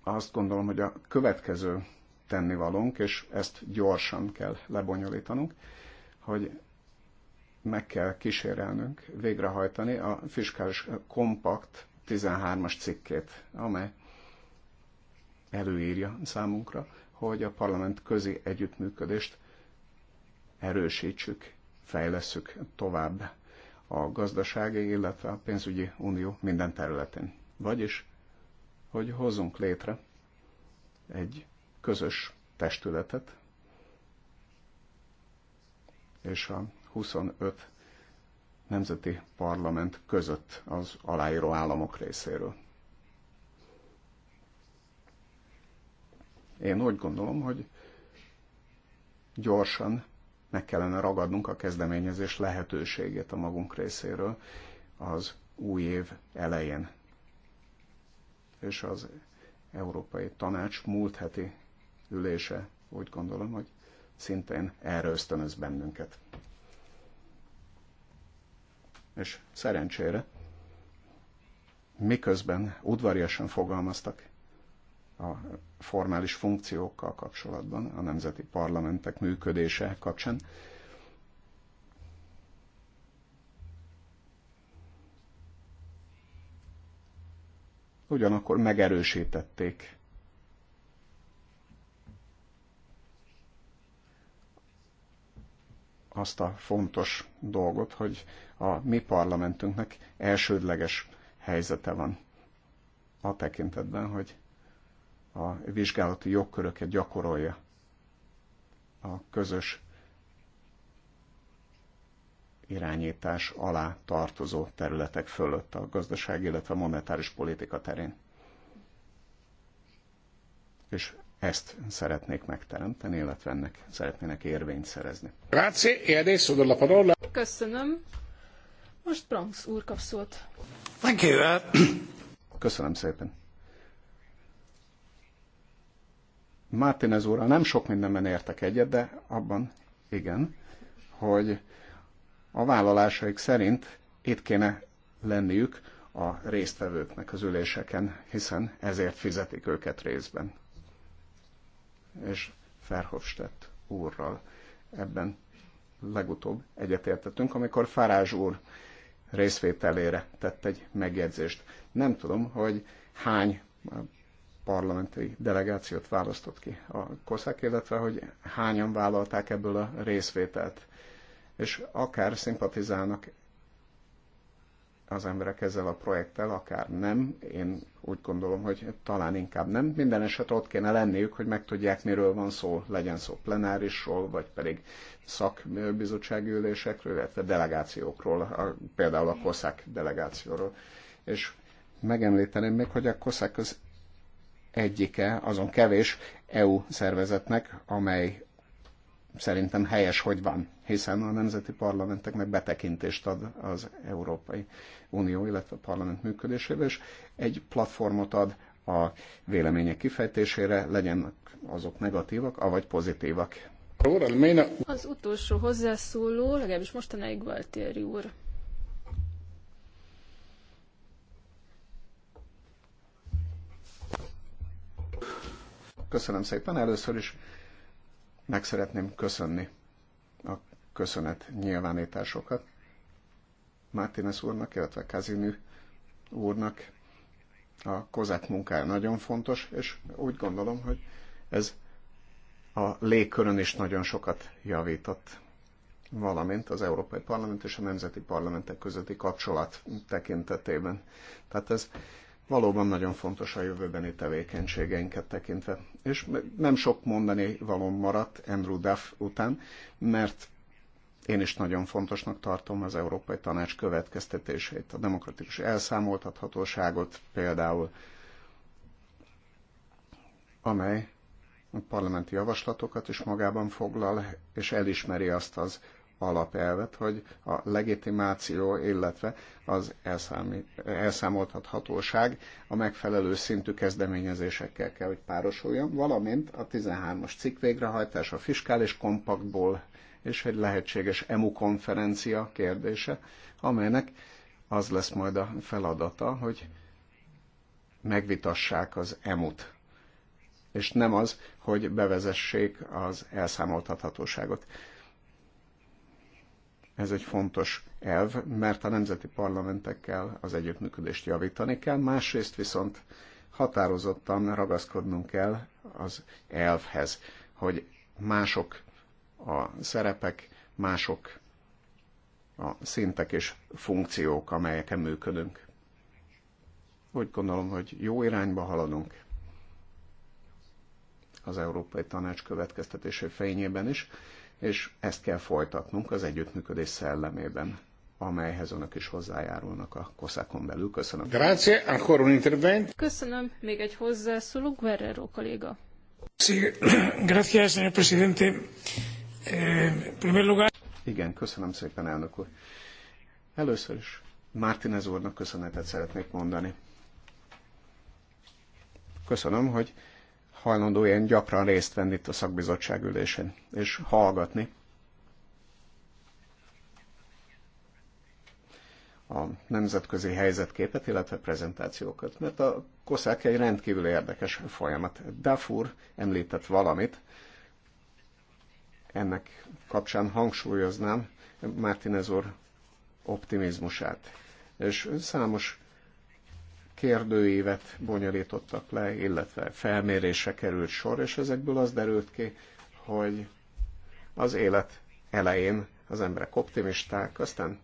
Azt gondolom, hogy a következő tennivalónk, és ezt gyorsan kell lebonyolítanunk, hogy meg kell kísérelnünk végrehajtani a fiskális kompakt 13-as cikkét, amely előírja számunkra, hogy a parlament közi együttműködést erősítsük, fejlesszük tovább a gazdasági, illetve a pénzügyi unió minden területén. Vagyis, hogy hozzunk létre egy közös testületet, és a 25 nemzeti parlament között az aláíró államok részéről. Én úgy gondolom, hogy gyorsan meg kellene ragadnunk a kezdeményezés lehetőségét a magunk részéről az új év elején. És az Európai Tanács múlt heti ülése úgy gondolom, hogy szintén erre ösztönöz bennünket. És szerencsére, miközben udvariasan fogalmaztak a formális funkciókkal kapcsolatban, a nemzeti parlamentek működése kapcsán, ugyanakkor megerősítették azt a fontos dolgot, hogy a mi parlamentünknek elsődleges helyzete van a tekintetben, hogy a vizsgálati jogköröket gyakorolja a közös irányítás alá tartozó területek fölött a gazdaság, illetve monetáris politika terén és ezt szeretnék megteremteni, illetve ennek szeretnének érvényt szerezni. E Köszönöm. Most Bronx úr kap szót. Thank you. Uh, Köszönöm szépen. Martinez úrral nem sok mindenben értek egyet, de abban igen, hogy a vállalásaik szerint itt kéne lenniük a résztvevőknek az üléseken, hiszen ezért fizetik őket részben és Ferhofstadt úrral ebben legutóbb egyetértettünk, amikor Farázs úr részvételére tett egy megjegyzést. Nem tudom, hogy hány parlamenti delegációt választott ki a koszák, illetve hogy hányan vállalták ebből a részvételt. És akár szimpatizálnak az emberek ezzel a projekttel, akár nem. Én úgy gondolom, hogy talán inkább nem. Minden eset ott kéne lenniük, hogy megtudják, miről van szó, legyen szó plenárisról, vagy pedig szakbizottsági ülésekről, illetve delegációkról, a, például a koszák delegációról. És megemlíteném még, hogy a koszák az egyike azon kevés EU szervezetnek, amely szerintem helyes, hogy van hiszen a nemzeti parlamenteknek betekintést ad az Európai Unió, illetve a parlament működésébe, és egy platformot ad a vélemények kifejtésére, legyenek azok negatívak, avagy pozitívak. Az utolsó hozzászóló, legalábbis mostanáig Valtéri úr. Köszönöm szépen. Először is meg szeretném köszönni a köszönet nyilvánításokat Martínez úrnak, illetve Kazinű úrnak. A kozák munkája nagyon fontos, és úgy gondolom, hogy ez a légkörön is nagyon sokat javított, valamint az Európai Parlament és a Nemzeti Parlamentek közötti kapcsolat tekintetében. Tehát ez valóban nagyon fontos a jövőbeni tevékenységeinket tekintve. És nem sok mondani való maradt Andrew Duff után, mert én is nagyon fontosnak tartom az Európai Tanács következtetéseit, a demokratikus elszámoltathatóságot például, amely a parlamenti javaslatokat is magában foglal, és elismeri azt az alapelvet, hogy a legitimáció, illetve az elszámi, elszámoltathatóság a megfelelő szintű kezdeményezésekkel kell, hogy párosuljon, valamint a 13-as cikk végrehajtása a fiskális kompaktból és egy lehetséges EMU konferencia kérdése, amelynek az lesz majd a feladata, hogy megvitassák az EMU-t, és nem az, hogy bevezessék az elszámoltathatóságot. Ez egy fontos elv, mert a nemzeti parlamentekkel az együttműködést javítani kell, másrészt viszont határozottan ragaszkodnunk kell az elvhez, hogy mások a szerepek, mások a szintek és funkciók, amelyeken működünk. Úgy gondolom, hogy jó irányba haladunk az Európai Tanács következtetése fényében is, és ezt kell folytatnunk az együttműködés szellemében, amelyhez önök is hozzájárulnak a koszákon belül. Köszönöm. Grazie, ancora un intervento. Köszönöm, még egy hozzászóló, Guerrero kolléga. Sí, gracias, señor presidente. Igen, köszönöm szépen, elnök úr. Először is Mártinez úrnak köszönetet szeretnék mondani. Köszönöm, hogy hajlandó ilyen gyakran részt venni itt a szakbizottság ülésén, és hallgatni a nemzetközi helyzetképet, illetve prezentációkat, mert a koszák egy rendkívül érdekes folyamat. Dafur említett valamit, ennek kapcsán hangsúlyoznám Martinez úr optimizmusát. És számos kérdőívet bonyolítottak le, illetve felmérése került sor, és ezekből az derült ki, hogy az élet elején az emberek optimisták, aztán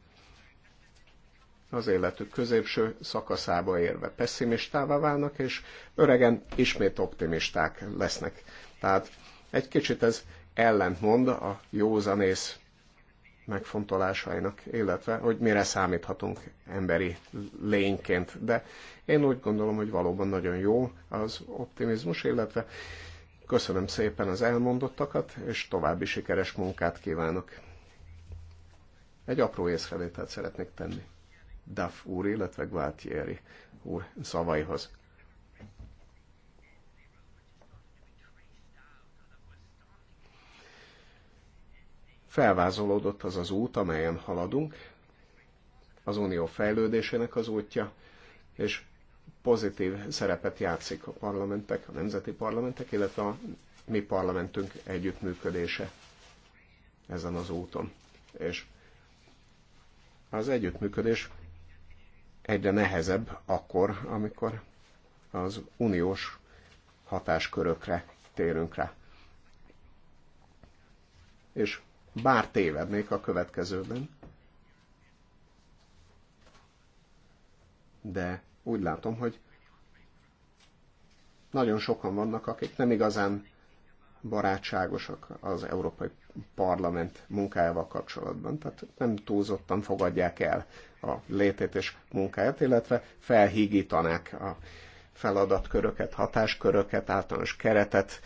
az életük középső szakaszába érve pessimistává válnak, és öregen ismét optimisták lesznek. Tehát egy kicsit ez Ellent mond a józanész megfontolásainak, illetve hogy mire számíthatunk emberi lényként. De én úgy gondolom, hogy valóban nagyon jó az optimizmus, illetve köszönöm szépen az elmondottakat, és további sikeres munkát kívánok. Egy apró észrevételt szeretnék tenni. Duff úr, illetve Gualtieri úr szavaihoz. felvázolódott az az út, amelyen haladunk, az unió fejlődésének az útja, és pozitív szerepet játszik a parlamentek, a nemzeti parlamentek, illetve a mi parlamentünk együttműködése ezen az úton. És az együttműködés egyre nehezebb akkor, amikor az uniós hatáskörökre térünk rá. És bár tévednék a következőben. De úgy látom, hogy nagyon sokan vannak, akik nem igazán barátságosak az Európai Parlament munkájával kapcsolatban. Tehát nem túlzottan fogadják el a létét és munkáját, illetve felhígítanák a feladatköröket, hatásköröket, általános keretet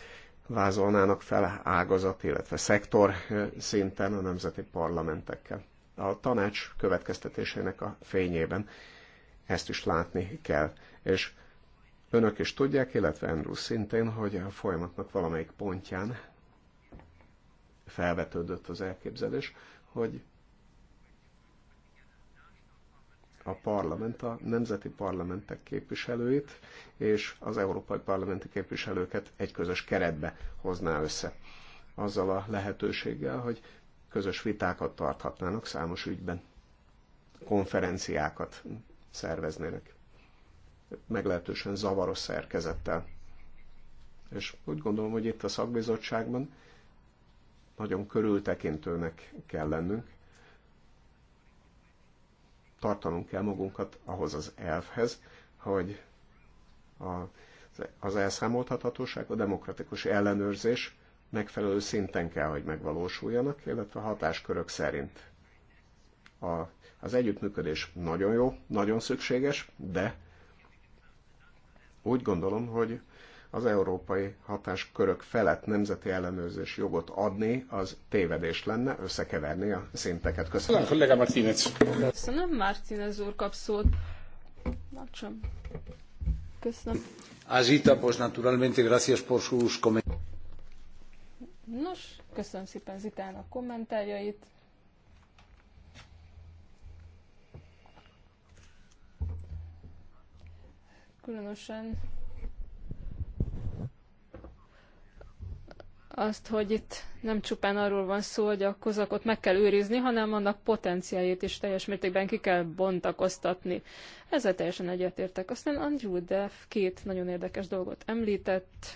vázolnának fel ágazat, illetve szektor szinten a nemzeti parlamentekkel. A tanács következtetésének a fényében ezt is látni kell. És önök is tudják, illetve Andrew szintén, hogy a folyamatnak valamelyik pontján felvetődött az elképzelés, hogy a parlament a nemzeti parlamentek képviselőit és az európai parlamenti képviselőket egy közös keretbe hozná össze. Azzal a lehetőséggel, hogy közös vitákat tarthatnának számos ügyben, konferenciákat szerveznének, meglehetősen zavaros szerkezettel. És úgy gondolom, hogy itt a szakbizottságban nagyon körültekintőnek kell lennünk, tartanunk kell magunkat ahhoz az elfhez, hogy a, az elszámoltathatóság, a demokratikus ellenőrzés megfelelő szinten kell, hogy megvalósuljanak, illetve a hatáskörök szerint. A, az együttműködés nagyon jó, nagyon szükséges, de úgy gondolom, hogy az európai hatáskörök felett nemzeti ellenőrzés jogot adni, az tévedés lenne, összekeverni a szinteket. Köszönöm. Köszönöm, Martínez. Köszönöm, Martínez úr kap szót. Látsam. Köszönöm. Azita, pues naturalmente gracias por sus Nos, köszönöm szépen Zitának kommentárjait. Különösen azt, hogy itt nem csupán arról van szó, hogy a kozakot meg kell őrizni, hanem annak potenciáját is teljes mértékben ki kell bontakoztatni. Ezzel teljesen egyetértek. Aztán Andrew Deff két nagyon érdekes dolgot említett.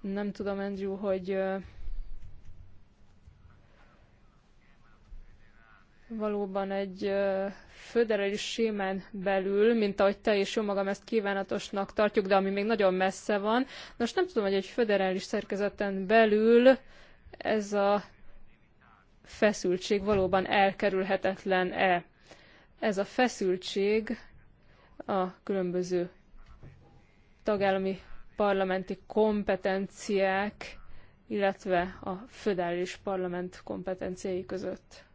Nem tudom, Andrew, hogy valóban egy föderális sémán belül, mint ahogy te és jó magam ezt kívánatosnak tartjuk, de ami még nagyon messze van. Nos, nem tudom, hogy egy föderális szerkezeten belül ez a feszültség valóban elkerülhetetlen-e. Ez a feszültség a különböző tagállami parlamenti kompetenciák, illetve a föderális parlament kompetenciái között.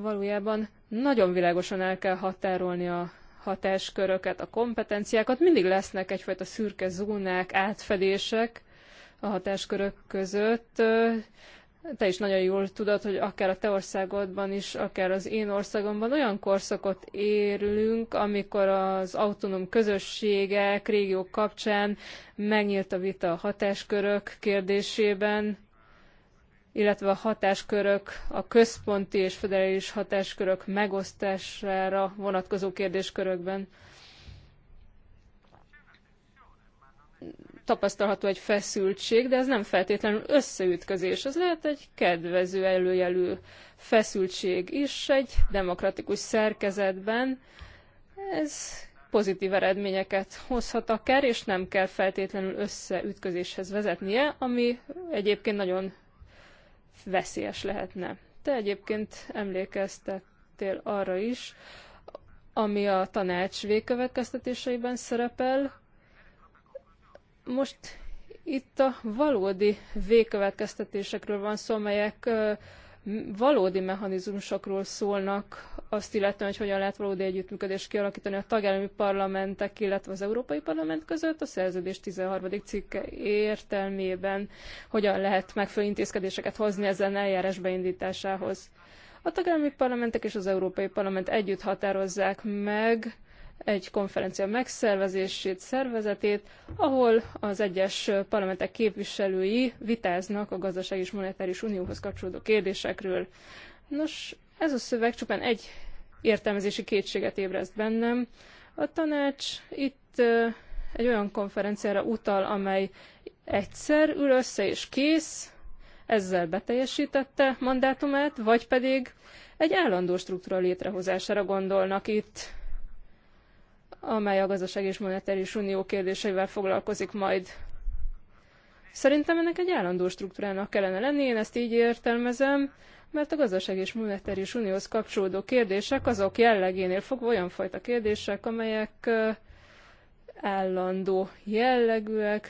valójában nagyon világosan el kell határolni a hatásköröket, a kompetenciákat. Mindig lesznek egyfajta szürke zónák, átfedések a hatáskörök között. Te is nagyon jól tudod, hogy akár a te országodban is, akár az én országomban olyan korszakot érülünk, amikor az autonóm közösségek, régiók kapcsán megnyílt a vita a hatáskörök kérdésében, illetve a hatáskörök, a központi és federális hatáskörök megosztására vonatkozó kérdéskörökben tapasztalható egy feszültség, de ez nem feltétlenül összeütközés, ez lehet egy kedvező előjelű feszültség is egy demokratikus szerkezetben. Ez pozitív eredményeket hozhat akár, és nem kell feltétlenül összeütközéshez vezetnie, ami egyébként nagyon veszélyes lehetne. Te egyébként emlékeztettél arra is, ami a tanács végkövetkeztetéseiben szerepel. Most itt a valódi végkövetkeztetésekről van szó, melyek valódi mechanizmusokról szólnak, azt illetően, hogy hogyan lehet valódi együttműködést kialakítani a tagállami parlamentek, illetve az Európai Parlament között, a szerződés 13. cikke értelmében hogyan lehet megfelelő intézkedéseket hozni ezen eljárás beindításához. A tagállami parlamentek és az Európai Parlament együtt határozzák meg egy konferencia megszervezését, szervezetét, ahol az egyes parlamentek képviselői vitáznak a gazdaság és monetáris unióhoz kapcsolódó kérdésekről. Nos, ez a szöveg csupán egy értelmezési kétséget ébreszt bennem. A tanács itt egy olyan konferenciára utal, amely egyszer ül össze és kész, ezzel beteljesítette mandátumát, vagy pedig egy állandó struktúra létrehozására gondolnak itt amely a gazdaság és monetáris unió kérdéseivel foglalkozik majd. Szerintem ennek egy állandó struktúrának kellene lenni, én ezt így értelmezem, mert a gazdaság és monetáris unióhoz kapcsolódó kérdések azok jellegénél fogva olyan fajta kérdések, amelyek állandó jellegűek,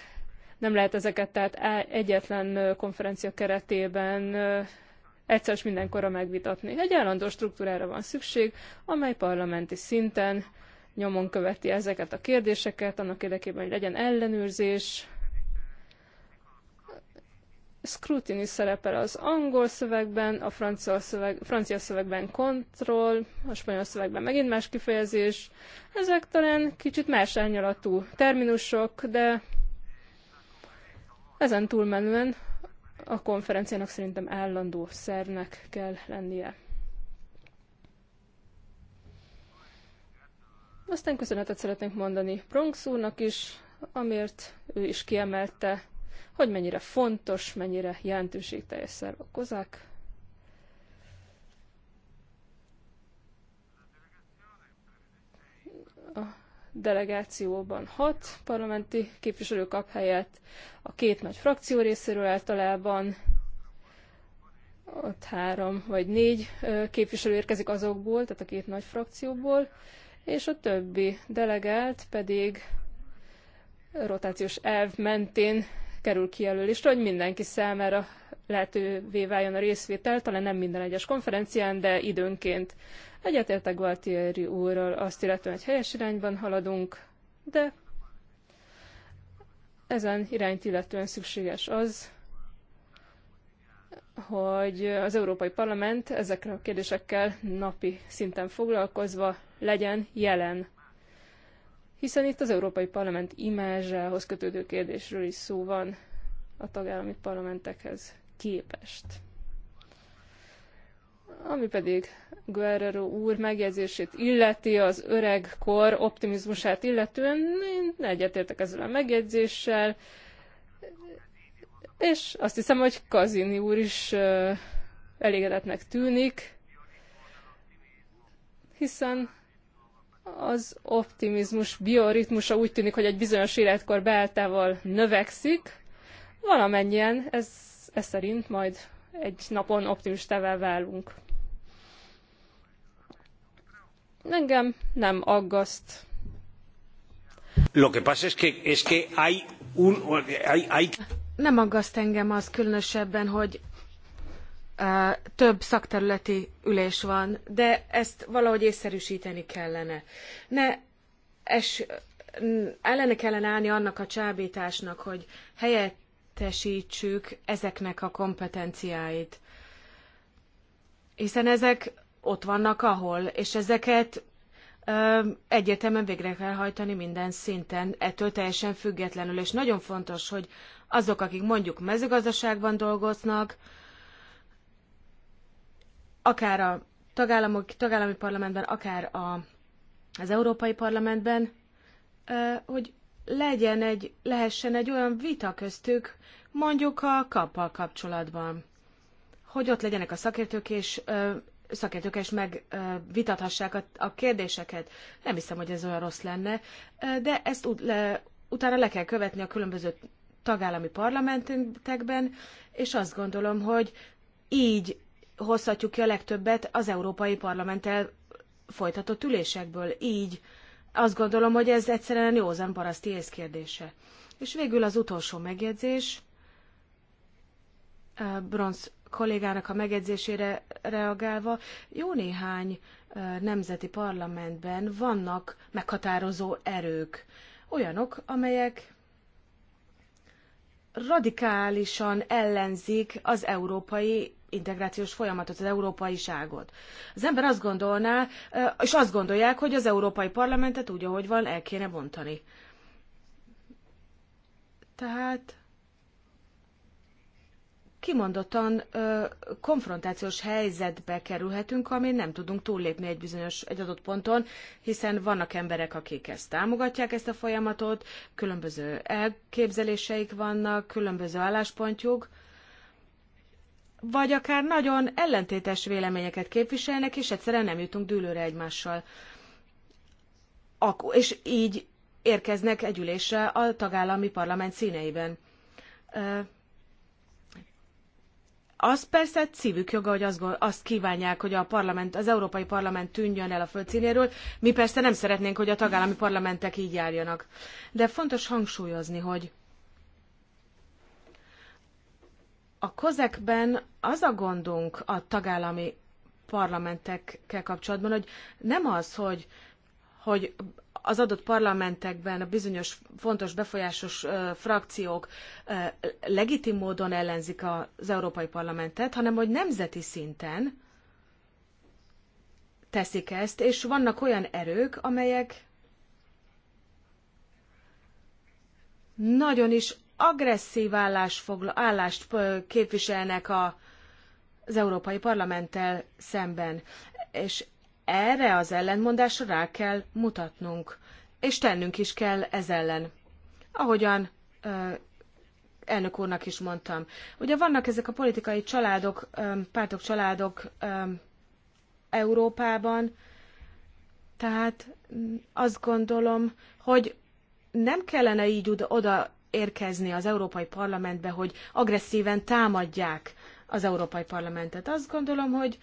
nem lehet ezeket tehát egyetlen konferencia keretében egyszer mindenkorra megvitatni. Egy állandó struktúrára van szükség, amely parlamenti szinten nyomon követi ezeket a kérdéseket, annak érdekében, hogy legyen ellenőrzés. Scrutiny szerepel az angol szövegben, a francia, szöveg, francia szövegben control, a spanyol szövegben megint más kifejezés. Ezek talán kicsit más elnyalatú terminusok, de ezen túlmenően a konferenciának szerintem állandó szervnek kell lennie. Aztán köszönetet szeretnénk mondani Bronx úrnak is, amért ő is kiemelte, hogy mennyire fontos, mennyire jelentőségteljes szerv a kozák. A delegációban hat parlamenti képviselő kap helyet, a két nagy frakció részéről általában ott három vagy négy képviselő érkezik azokból, tehát a két nagy frakcióból, és a többi delegált pedig rotációs elv mentén kerül kijelölésre, hogy mindenki számára lehetővé váljon a részvétel, talán nem minden egyes konferencián, de időnként. Egyetértek Gualtieri úrral azt illetően, hogy helyes irányban haladunk, de ezen irányt illetően szükséges az, hogy az Európai Parlament ezekkel a kérdésekkel napi szinten foglalkozva legyen jelen. Hiszen itt az Európai Parlament imázsához kötődő kérdésről is szó van a tagállami parlamentekhez képest. Ami pedig Guerrero úr megjegyzését illeti, az öreg kor optimizmusát illetően, én egyetértek ezzel a megjegyzéssel, és azt hiszem, hogy Kazini úr is elégedetnek tűnik, hiszen az optimizmus bioritmusa úgy tűnik, hogy egy bizonyos életkor beáltával növekszik, valamennyien ez, ez szerint majd egy napon optimistával válunk. Engem nem aggaszt. Lo que pasa es que, es que hay un, hay, hay... Nem aggaszt engem az különösebben, hogy több szakterületi ülés van, de ezt valahogy észszerűsíteni kellene. Ne es, ellene kellene állni annak a csábításnak, hogy helyettesítsük ezeknek a kompetenciáit. Hiszen ezek ott vannak, ahol, és ezeket egyértelműen végre kell hajtani minden szinten, ettől teljesen függetlenül. És nagyon fontos, hogy azok, akik mondjuk mezőgazdaságban dolgoznak, akár a tagállamok, tagállami parlamentben, akár a, az Európai Parlamentben, hogy legyen egy, lehessen egy olyan vita köztük, mondjuk a kappal kapcsolatban. Hogy ott legyenek a szakértők, és szakértők is megvitathassák a, a kérdéseket. Nem hiszem, hogy ez olyan rossz lenne, de ezt ut- le, utána le kell követni a különböző tagállami parlamentekben, és azt gondolom, hogy így hozhatjuk ki a legtöbbet az Európai Parlamenttel folytatott ülésekből. Így azt gondolom, hogy ez egyszerűen józan paraszti észkérdése. És végül az utolsó megjegyzés. Bronz kollégának a megjegyzésére reagálva, jó néhány nemzeti parlamentben vannak meghatározó erők. Olyanok, amelyek radikálisan ellenzik az európai integrációs folyamatot, az európai ságot. Az ember azt gondolná, és azt gondolják, hogy az Európai Parlamentet úgy, ahogy van, el kéne bontani. Tehát kimondottan ö, konfrontációs helyzetbe kerülhetünk, ami nem tudunk túllépni egy bizonyos, egy adott ponton, hiszen vannak emberek, akik ezt támogatják, ezt a folyamatot, különböző elképzeléseik vannak, különböző álláspontjuk, vagy akár nagyon ellentétes véleményeket képviselnek, és egyszerűen nem jutunk dűlőre egymással. Ak- és így érkeznek egy ülésre a tagállami parlament színeiben. Az persze szívük joga, hogy azt, azt kívánják, hogy a parlament, az Európai Parlament tűnjön el a földszínéről. Mi persze nem szeretnénk, hogy a tagállami parlamentek így járjanak. De fontos hangsúlyozni, hogy A kozekben az a gondunk a tagállami parlamentekkel kapcsolatban, hogy nem az, hogy, hogy az adott parlamentekben a bizonyos fontos befolyásos ö, frakciók ö, legitim módon ellenzik az Európai Parlamentet, hanem hogy nemzeti szinten teszik ezt, és vannak olyan erők, amelyek nagyon is agresszív állásfogla, állást képviselnek a, az Európai Parlamenttel szemben. És erre az ellentmondásra rá kell mutatnunk, és tennünk is kell ez ellen. Ahogyan ö, elnök úrnak is mondtam. Ugye vannak ezek a politikai családok, ö, pártok családok ö, Európában, tehát azt gondolom, hogy nem kellene így oda, oda érkezni az Európai Parlamentbe, hogy agresszíven támadják az Európai Parlamentet. Azt gondolom, hogy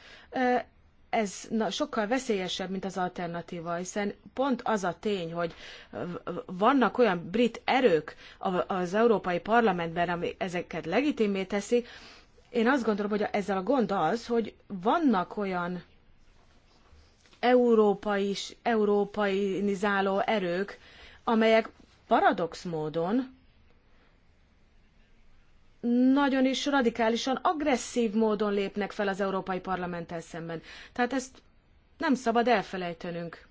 ez sokkal veszélyesebb, mint az alternatíva, hiszen pont az a tény, hogy vannak olyan brit erők az Európai Parlamentben, ami ezeket legitimé teszi, én azt gondolom, hogy ezzel a gond az, hogy vannak olyan európai, európainizáló erők, amelyek paradox módon nagyon is radikálisan agresszív módon lépnek fel az Európai Parlamenttel szemben. Tehát ezt nem szabad elfelejtenünk.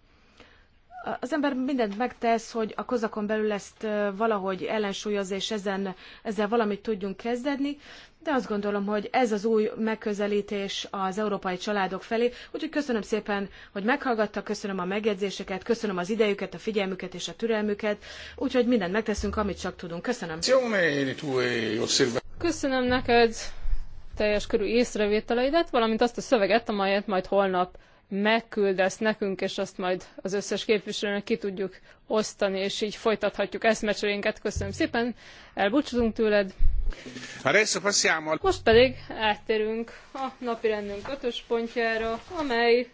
Az ember mindent megtesz, hogy a kozakon belül ezt valahogy ellensúlyoz, és ezen, ezzel valamit tudjunk kezdeni, de azt gondolom, hogy ez az új megközelítés az európai családok felé. Úgyhogy köszönöm szépen, hogy meghallgattak, köszönöm a megjegyzéseket, köszönöm az idejüket, a figyelmüket és a türelmüket, úgyhogy mindent megteszünk, amit csak tudunk. Köszönöm. Köszönöm neked teljes körű észrevételeidet, valamint azt a szöveget, amelyet majd holnap megküldesz nekünk, és azt majd az összes képviselőnek ki tudjuk osztani, és így folytathatjuk eszmecserénket. Köszönöm szépen, elbúcsúzunk tőled. Most pedig áttérünk a napirendünk ötös pontjára, amely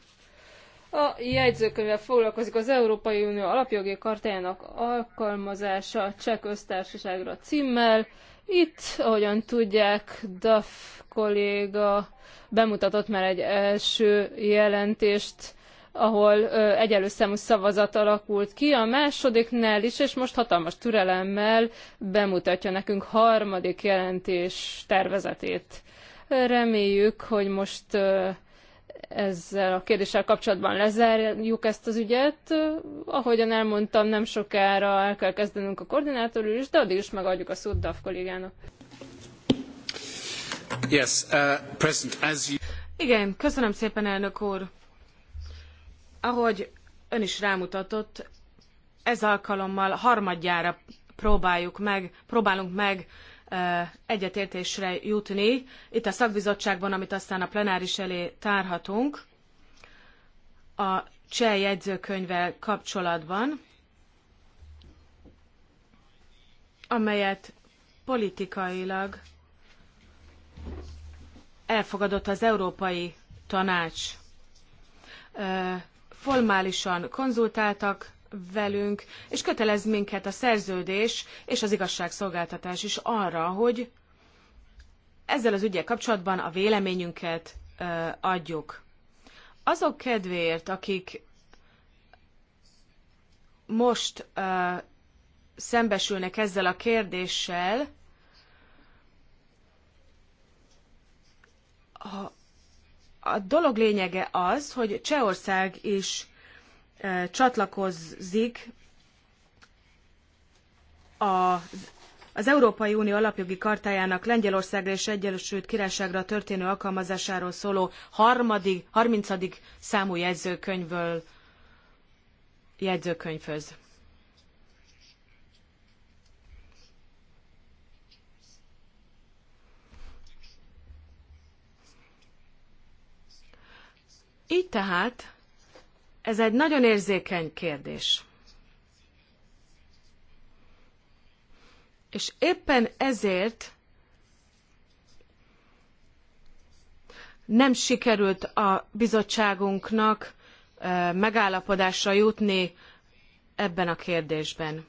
a jegyzőkönyvvel foglalkozik az Európai Unió alapjogi kartájának alkalmazása Cseh köztársaságra címmel. Itt, ahogyan tudják, DAF kolléga bemutatott már egy első jelentést ahol egyenlő számú szavazat alakult ki, a másodiknál is, és most hatalmas türelemmel bemutatja nekünk harmadik jelentés tervezetét. Reméljük, hogy most ezzel a kérdéssel kapcsolatban lezárjuk ezt az ügyet. Ahogyan elmondtam, nem sokára el kell kezdenünk a koordinátorül is, de addig is megadjuk a szót DAF kollégának. Yes, uh, present, as you... Igen, köszönöm szépen, elnök úr. Ahogy ön is rámutatott, ez alkalommal harmadjára próbáljuk meg, próbálunk meg egyetértésre jutni itt a szakbizottságban, amit aztán a plenáris elé tárhatunk a cseh jegyzőkönyvvel kapcsolatban, amelyet politikailag elfogadott az Európai Tanács formálisan konzultáltak velünk, és kötelez minket a szerződés és az igazságszolgáltatás is arra, hogy ezzel az ügyel kapcsolatban a véleményünket adjuk. Azok kedvéért, akik most szembesülnek ezzel a kérdéssel, ha a dolog lényege az, hogy Csehország is e, csatlakozik a, az Európai Unió alapjogi kartájának Lengyelországra és Egyesült Királyságra történő alkalmazásáról szóló harmadik, 30. számú jegyzőkönyvből jegyzőkönyvhöz. Így tehát ez egy nagyon érzékeny kérdés. És éppen ezért nem sikerült a bizottságunknak megállapodásra jutni ebben a kérdésben.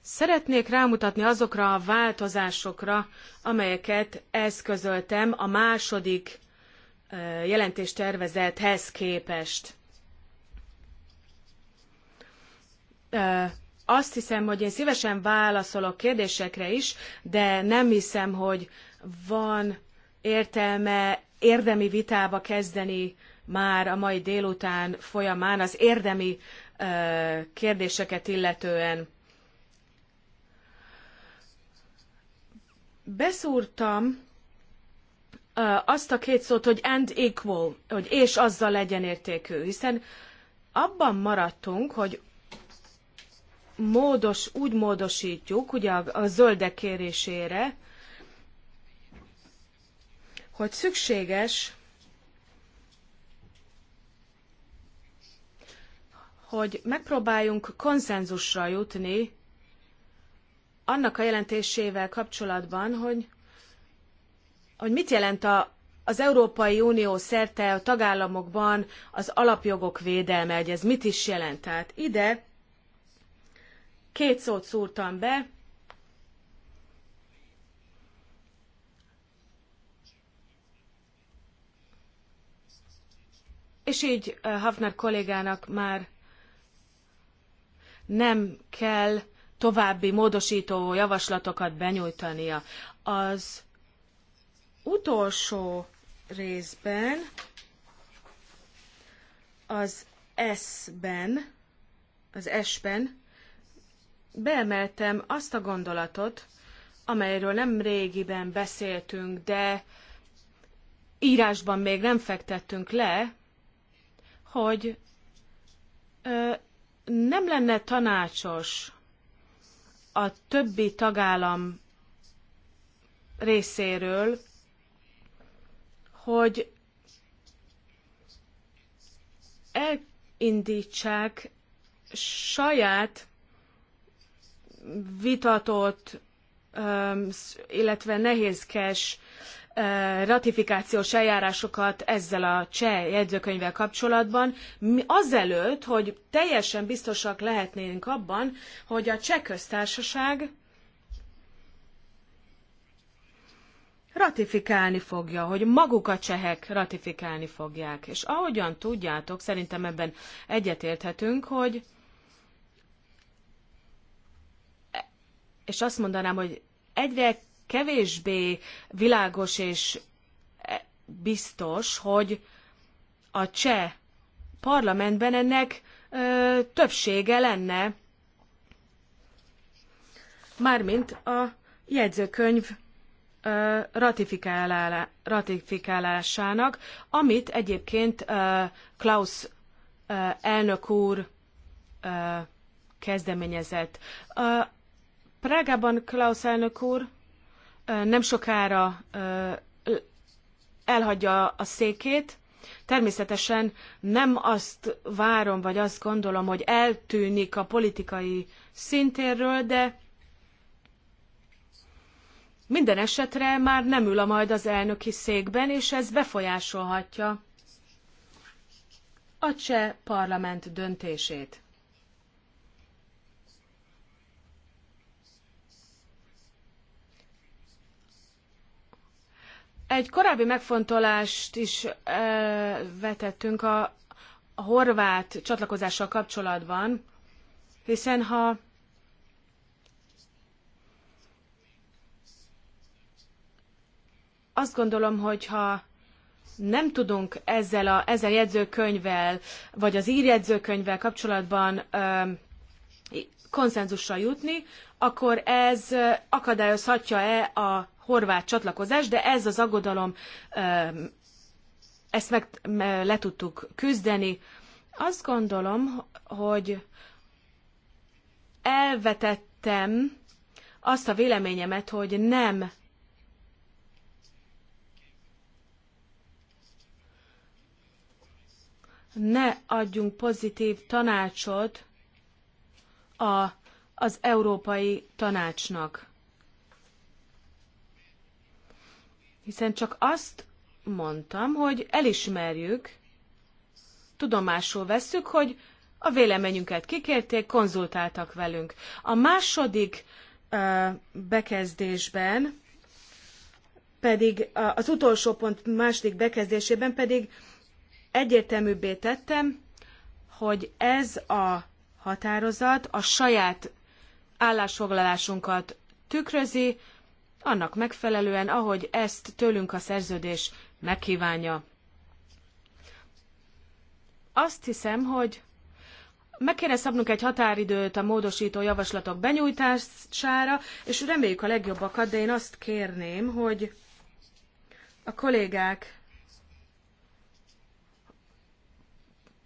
Szeretnék rámutatni azokra a változásokra, amelyeket eszközöltem a második jelentéstervezethez képest. Azt hiszem, hogy én szívesen válaszolok kérdésekre is, de nem hiszem, hogy van értelme érdemi vitába kezdeni már a mai délután folyamán az érdemi kérdéseket illetően. Beszúrtam azt a két szót, hogy and equal, hogy és azzal legyen értékű, hiszen abban maradtunk, hogy módos, úgy módosítjuk, ugye a, a zöldek kérésére, hogy szükséges, hogy megpróbáljunk konszenzusra jutni annak a jelentésével kapcsolatban, hogy hogy mit jelent a, az Európai Unió szerte a tagállamokban az alapjogok védelme, hogy ez mit is jelent. Tehát ide két szót szúrtam be, és így eh, Hafner kollégának már nem kell további módosító javaslatokat benyújtania. Az utolsó részben az S-ben, az S-ben beemeltem azt a gondolatot, amelyről nem régiben beszéltünk, de írásban még nem fektettünk le, hogy ö, nem lenne tanácsos a többi tagállam részéről hogy elindítsák saját vitatott, illetve nehézkes ratifikációs eljárásokat ezzel a cseh jegyzőkönyvvel kapcsolatban, azelőtt, hogy teljesen biztosak lehetnénk abban, hogy a cseh köztársaság ratifikálni fogja, hogy maguk a csehek ratifikálni fogják. És ahogyan tudjátok, szerintem ebben egyetérthetünk, hogy és azt mondanám, hogy egyre kevésbé világos és biztos, hogy a cseh parlamentben ennek ö, többsége lenne, mármint a jegyzőkönyv ratifikálásának, amit egyébként Klaus elnök úr kezdeményezett. Prágában Klaus elnök úr nem sokára elhagyja a székét, Természetesen nem azt várom, vagy azt gondolom, hogy eltűnik a politikai szintérről, de minden esetre már nem ül a majd az elnöki székben, és ez befolyásolhatja a cseh parlament döntését. Egy korábbi megfontolást is eh, vetettünk a, a horvát csatlakozással kapcsolatban, hiszen ha Azt gondolom, hogy ha nem tudunk ezzel a, ezzel a jegyzőkönyvvel, vagy az írjegyzőkönyvvel kapcsolatban ö, konszenzusra jutni, akkor ez akadályozhatja-e a horvát csatlakozást, de ez az aggodalom, ö, ezt meg le tudtuk küzdeni. Azt gondolom, hogy elvetettem azt a véleményemet, hogy nem ne adjunk pozitív tanácsot a, az Európai Tanácsnak. Hiszen csak azt mondtam, hogy elismerjük, tudomásul vesszük, hogy a véleményünket kikérték, konzultáltak velünk. A második bekezdésben pedig, az utolsó pont második bekezdésében pedig egyértelműbbé tettem, hogy ez a határozat a saját állásfoglalásunkat tükrözi, annak megfelelően, ahogy ezt tőlünk a szerződés megkívánja. Azt hiszem, hogy meg kéne szabnunk egy határidőt a módosító javaslatok benyújtására, és reméljük a legjobbakat, de én azt kérném, hogy a kollégák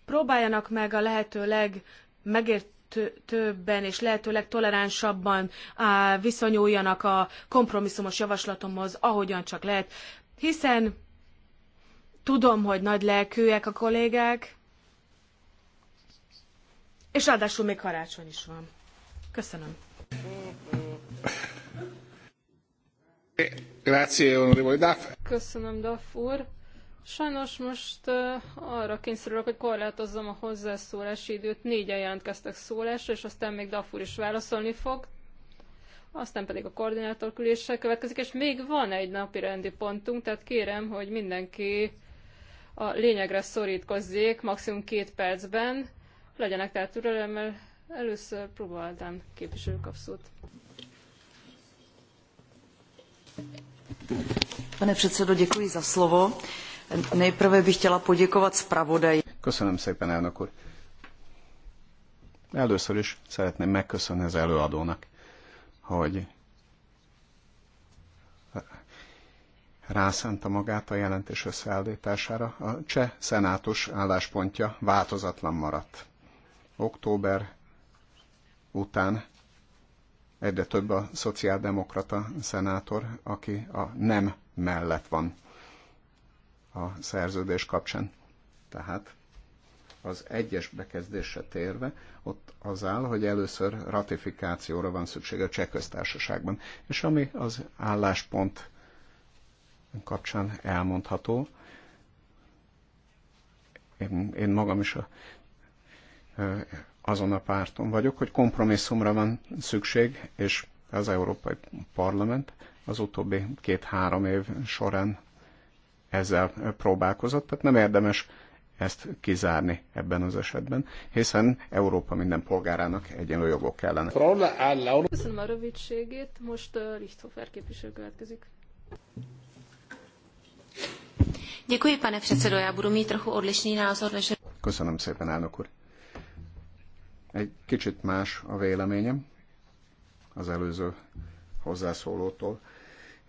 próbáljanak meg a lehető legmegértőbben és lehető legtoleránsabban viszonyuljanak a kompromisszumos javaslatomhoz, ahogyan csak lehet. Hiszen tudom, hogy nagy lelkűek a kollégák, és ráadásul még karácsony is van. Köszönöm. Grazie, onorevole Köszönöm, Duff úr. Sajnos most arra kényszerülök, hogy korlátozzam a hozzászólási időt. Négyen jelentkeztek szólásra, és aztán még Dafur is válaszolni fog. Aztán pedig a koordinátor küléssel következik, és még van egy napi rendi pontunk, tehát kérem, hogy mindenki a lényegre szorítkozzék, maximum két percben. Legyenek tehát türelemmel. Először próbáltam képviselő kapszót. Pane předsedo, děkuji za slovo. Nejprve bych chtěla poděkovat zpravodaji. Köszönöm szépen, elnök úr. Először is szeretném megköszönni az előadónak, hogy rászánta magát a jelentés összeállítására. A cseh szenátus álláspontja változatlan maradt. Október után egyre több a szociáldemokrata szenátor, aki a nem mellett van a szerződés kapcsán. Tehát az egyes bekezdésre térve, ott az áll, hogy először ratifikációra van szükség a cseh köztársaságban. És ami az álláspont kapcsán elmondható, én, én magam is a, azon a párton vagyok, hogy kompromisszumra van szükség, és az Európai Parlament az utóbbi két-három év során ezzel próbálkozott, tehát nem érdemes ezt kizárni ebben az esetben, hiszen Európa minden polgárának egyenlő jogok kellene. Köszönöm a rövidségét, most Lichthofer képviselő következik. Děkuji, pane předsedo, já budu mít trochu odlišný názor než... Köszönöm szépen, elnök úr. Egy kicsit más a véleményem az előző hozzászólótól,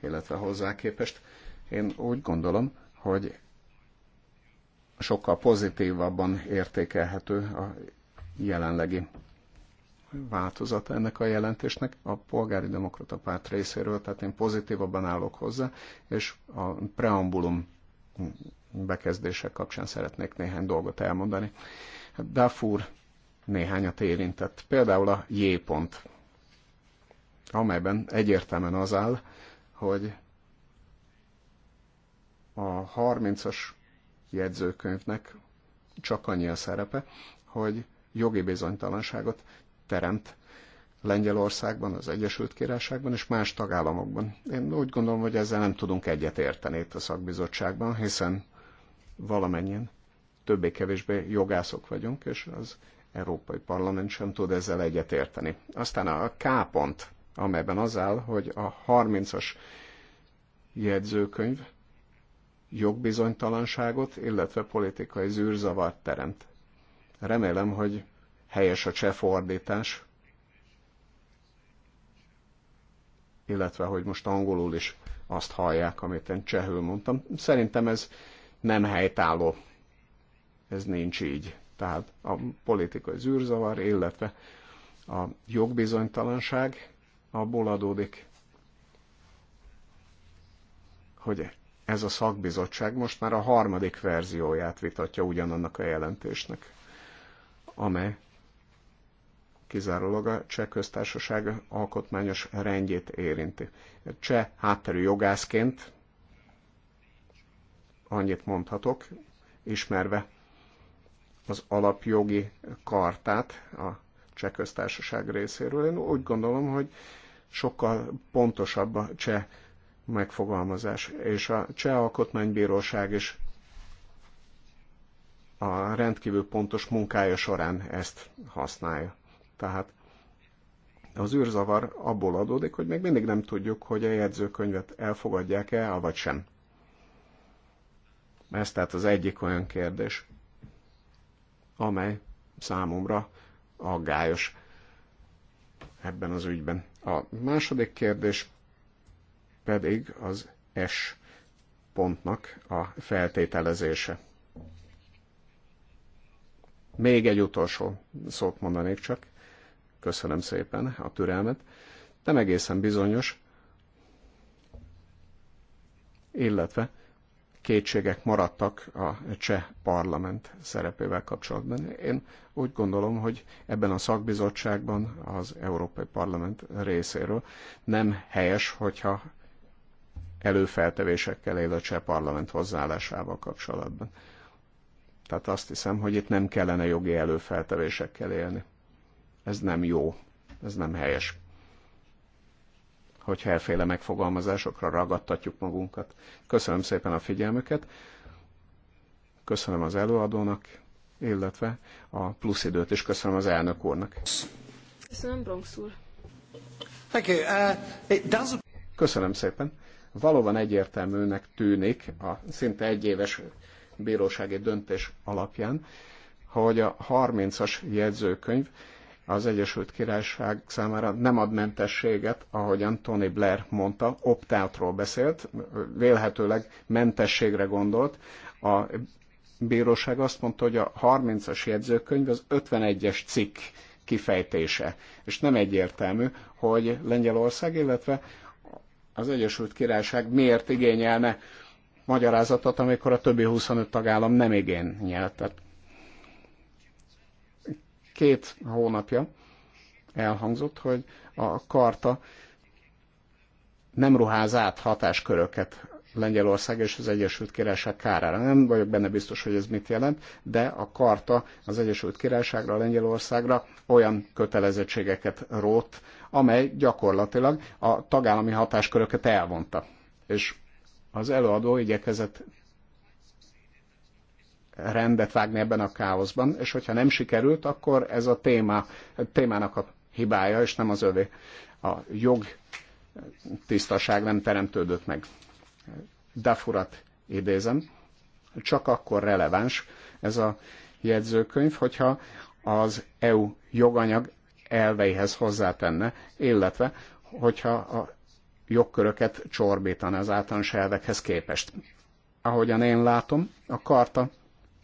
illetve hozzá képest. Én úgy gondolom, hogy sokkal pozitívabban értékelhető a jelenlegi változata ennek a jelentésnek a polgári demokrata párt részéről, tehát én pozitívabban állok hozzá, és a preambulum bekezdése kapcsán szeretnék néhány dolgot elmondani. Dafur néhányat érintett, például a J pont, amelyben egyértelműen az áll, hogy a 30-as jegyzőkönyvnek csak annyi a szerepe, hogy jogi bizonytalanságot teremt Lengyelországban, az Egyesült Királyságban és más tagállamokban. Én úgy gondolom, hogy ezzel nem tudunk egyet érteni itt a szakbizottságban, hiszen valamennyien többé-kevésbé jogászok vagyunk, és az Európai Parlament sem tud ezzel egyet érteni. Aztán a K pont, amelyben az áll, hogy a 30-as jegyzőkönyv jogbizonytalanságot, illetve politikai zűrzavart teremt. Remélem, hogy helyes a cseh fordítás, illetve hogy most angolul is azt hallják, amit én csehül mondtam. Szerintem ez nem helytálló. Ez nincs így. Tehát a politikai zűrzavar, illetve a jogbizonytalanság abból adódik, hogy ez a szakbizottság most már a harmadik verzióját vitatja ugyanannak a jelentésnek, amely kizárólag a cseh köztársaság alkotmányos rendjét érinti. Cseh hátterű jogászként annyit mondhatok, ismerve az alapjogi kartát a cseh köztársaság részéről. Én úgy gondolom, hogy sokkal pontosabb a cseh megfogalmazás, és a Cseh Alkotmánybíróság is a rendkívül pontos munkája során ezt használja. Tehát az űrzavar abból adódik, hogy még mindig nem tudjuk, hogy a jegyzőkönyvet elfogadják-e, vagy sem. Ez tehát az egyik olyan kérdés, amely számomra aggályos ebben az ügyben. A második kérdés pedig az S pontnak a feltételezése. Még egy utolsó szót mondanék csak. Köszönöm szépen a türelmet. Nem egészen bizonyos, illetve kétségek maradtak a cseh parlament szerepével kapcsolatban. Én úgy gondolom, hogy ebben a szakbizottságban az Európai Parlament részéről nem helyes, hogyha előfeltevésekkel él a cseh parlament hozzáállásával kapcsolatban. Tehát azt hiszem, hogy itt nem kellene jogi előfeltevésekkel élni. Ez nem jó, ez nem helyes. Hogyha elféle megfogalmazásokra ragadtatjuk magunkat. Köszönöm szépen a figyelmüket, köszönöm az előadónak, illetve a plusz időt is köszönöm az elnök úrnak. Köszönöm, Bronx úr. Uh, köszönöm szépen valóban egyértelműnek tűnik a szinte egyéves bírósági döntés alapján, hogy a 30-as jegyzőkönyv az Egyesült Királyság számára nem ad mentességet, ahogyan Tony Blair mondta, opt beszélt, vélhetőleg mentességre gondolt. A bíróság azt mondta, hogy a 30-as jegyzőkönyv az 51-es cikk kifejtése, és nem egyértelmű, hogy Lengyelország, illetve az Egyesült Királyság miért igényelne magyarázatot, amikor a többi 25 tagállam nem igényelt. Tehát két hónapja elhangzott, hogy a karta nem ruház át hatásköröket Lengyelország és az Egyesült Királyság kárára. Nem vagyok benne biztos, hogy ez mit jelent, de a karta az Egyesült Királyságra, Lengyelországra olyan kötelezettségeket rót, amely gyakorlatilag a tagállami hatásköröket elvonta. És az előadó igyekezett rendet vágni ebben a káoszban, és hogyha nem sikerült, akkor ez a téma, témának a hibája, és nem az övé. A jog tisztaság nem teremtődött meg. Dafurat idézem, csak akkor releváns ez a jegyzőkönyv, hogyha az EU joganyag elveihez hozzátenne, illetve hogyha a jogköröket csorbítan az általános elvekhez képest. Ahogyan én látom, a karta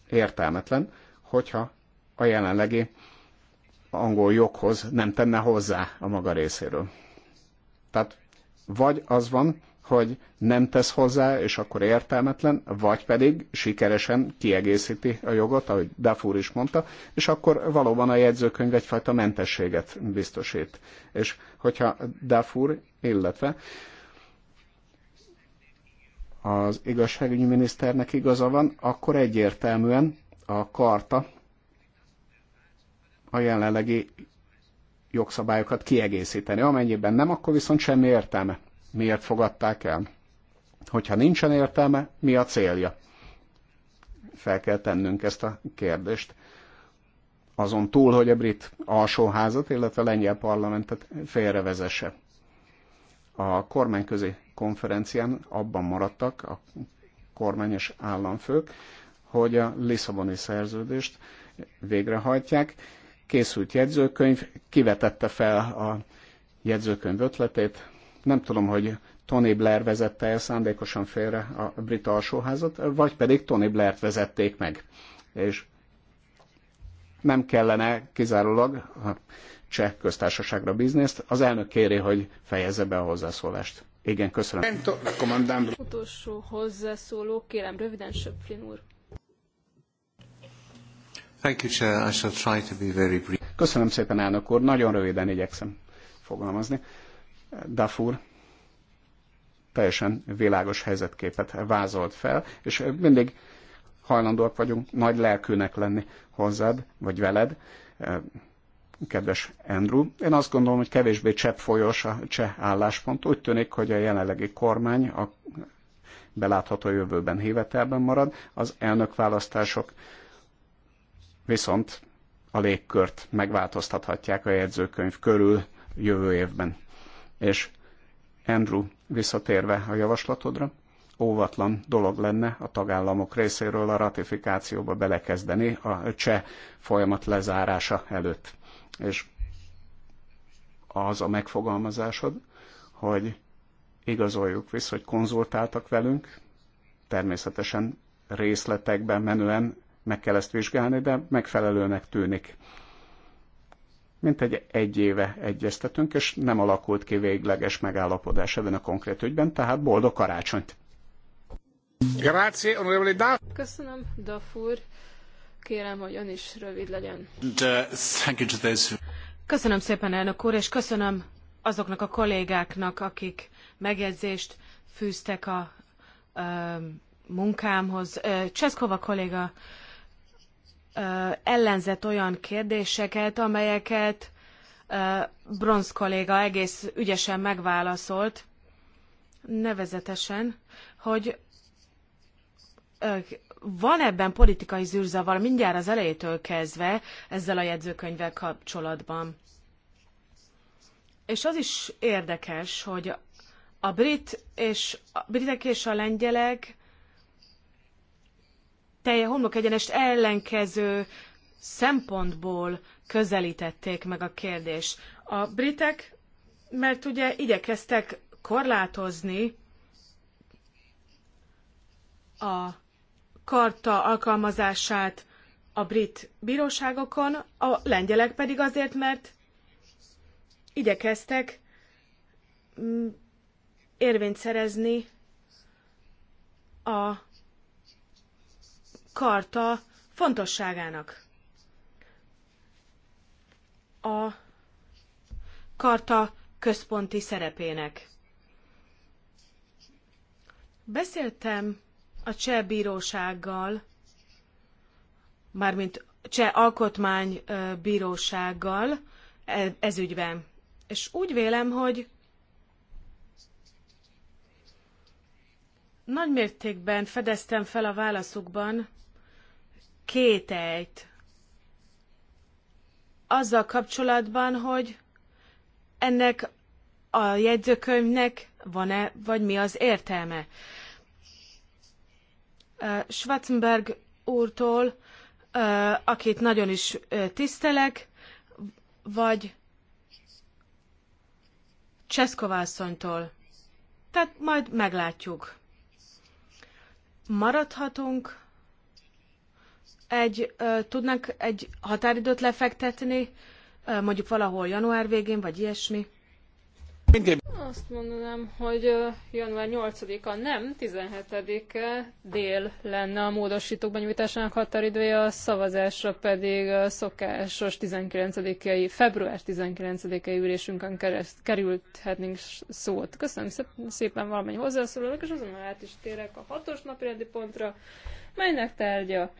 értelmetlen, hogyha a jelenlegi angol joghoz nem tenne hozzá a maga részéről. Tehát vagy az van, hogy nem tesz hozzá, és akkor értelmetlen, vagy pedig sikeresen kiegészíti a jogot, ahogy Dafur is mondta, és akkor valóban a jegyzőkönyv egyfajta mentességet biztosít. És hogyha Dafur, illetve az igazságügyi miniszternek igaza van, akkor egyértelműen a karta a jelenlegi jogszabályokat kiegészíteni. Amennyiben nem, akkor viszont semmi értelme miért fogadták el. Hogyha nincsen értelme, mi a célja? Fel kell tennünk ezt a kérdést. Azon túl, hogy a brit alsóházat, illetve a lengyel parlamentet félrevezesse. A kormányközi konferencián abban maradtak a kormány és államfők, hogy a Lisszaboni szerződést végrehajtják. Készült jegyzőkönyv, kivetette fel a jegyzőkönyv ötletét, nem tudom, hogy Tony Blair vezette el szándékosan félre a brit alsóházat, vagy pedig Tony Blair-t vezették meg. És nem kellene kizárólag a cseh köztársaságra bizniszt. Az elnök kéri, hogy fejezze be a hozzászólást. Igen, köszönöm. Utolsó hozzászóló, kérem röviden, Söpflin úr. Thank you, Chair. I shall try to be very brief. Köszönöm szépen, elnök úr. Nagyon röviden igyekszem fogalmazni. Dafur teljesen világos helyzetképet vázolt fel, és mindig hajlandóak vagyunk nagy lelkűnek lenni hozzád, vagy veled, eh, kedves Andrew. Én azt gondolom, hogy kevésbé folyos a cseh álláspont. Úgy tűnik, hogy a jelenlegi kormány a belátható jövőben hivetelben marad, az elnökválasztások viszont a légkört megváltoztathatják a jegyzőkönyv körül jövő évben. És Andrew, visszatérve a javaslatodra, óvatlan dolog lenne a tagállamok részéről a ratifikációba belekezdeni a cseh folyamat lezárása előtt. És az a megfogalmazásod, hogy igazoljuk vissza, hogy konzultáltak velünk, természetesen részletekben menően meg kell ezt vizsgálni, de megfelelőnek tűnik mint egy, egy éve egyeztetünk, és nem alakult ki végleges megállapodás ebben a konkrét ügyben, tehát boldog karácsonyt! Grazie, onorevole Köszönöm, Dafur. Kérem, hogy ön is rövid legyen. Uh, köszönöm szépen, elnök úr, és köszönöm azoknak a kollégáknak, akik megjegyzést fűztek a a munkámhoz. Cseszkova kolléga ellenzett olyan kérdéseket, amelyeket Bronz kolléga egész ügyesen megválaszolt, nevezetesen, hogy van ebben politikai zűrzavar mindjárt az elejétől kezdve ezzel a jegyzőkönyvvel kapcsolatban. És az is érdekes, hogy a brit és a britek és a lengyelek telje homlok egyenest ellenkező szempontból közelítették meg a kérdést. A britek, mert ugye igyekeztek korlátozni a karta alkalmazását a brit bíróságokon, a lengyelek pedig azért, mert igyekeztek mm, érvényt szerezni a karta fontosságának. A karta központi szerepének. Beszéltem a cseh bírósággal, mármint cseh alkotmánybírósággal e, ez ügyben. És úgy vélem, hogy nagy mértékben fedeztem fel a válaszukban kételyt azzal kapcsolatban, hogy ennek a jegyzőkönyvnek van-e, vagy mi az értelme. Schwarzenberg úrtól, akit nagyon is tisztelek, vagy Cseszkovászonytól. Tehát majd meglátjuk. Maradhatunk egy, tudnak egy határidőt lefektetni, mondjuk valahol január végén, vagy ilyesmi? Azt mondanám, hogy január 8-a nem, 17-e dél lenne a módosítók benyújtásának határidője, a szavazásra pedig a szokásos 19-i, február 19-i ülésünkön kereszt, kerülthetnénk szót. Köszönöm szépen valamennyi hozzászólónak, és azonnal át is térek a hatos napi pontra, melynek tárgya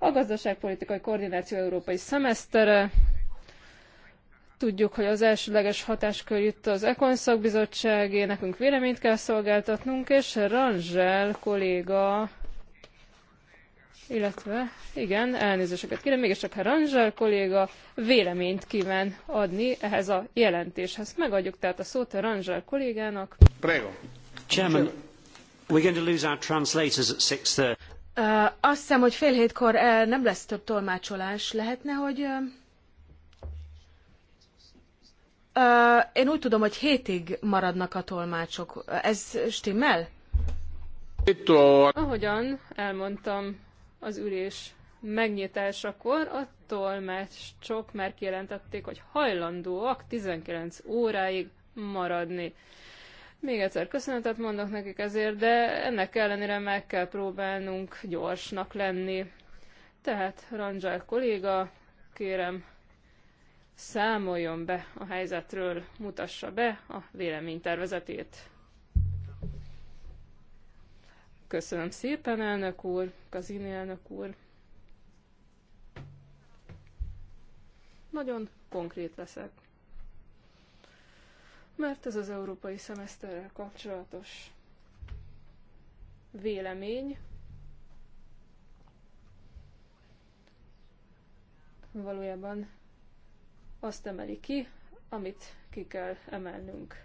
a gazdaságpolitikai koordináció európai szemesztere, Tudjuk, hogy az elsőleges hatáskör itt az Econ szakbizottságé, nekünk véleményt kell szolgáltatnunk, és Rangel kolléga, illetve, igen, elnézéseket kérem, mégiscsak Rangel kolléga véleményt kíván adni ehhez a jelentéshez. Megadjuk tehát a szót a Rangel kollégának. Prego. Chairman, we're going to lose our translators at 6.30. Azt hiszem, hogy fél hétkor nem lesz több tolmácsolás. Lehetne, hogy... Én úgy tudom, hogy hétig maradnak a tolmácsok. Ez stimmel? Ahogyan elmondtam az ülés megnyitásakor, a tolmácsok már kijelentették, hogy hajlandóak 19 óráig maradni. Még egyszer köszönetet mondok nekik ezért, de ennek ellenére meg kell próbálnunk gyorsnak lenni. Tehát Ranjal kolléga, kérem, számoljon be a helyzetről, mutassa be a véleménytervezetét. Köszönöm szépen, elnök úr, Kazini elnök úr. Nagyon konkrét leszek mert ez az európai szemeszterrel kapcsolatos vélemény. Valójában azt emeli ki, amit ki kell emelnünk.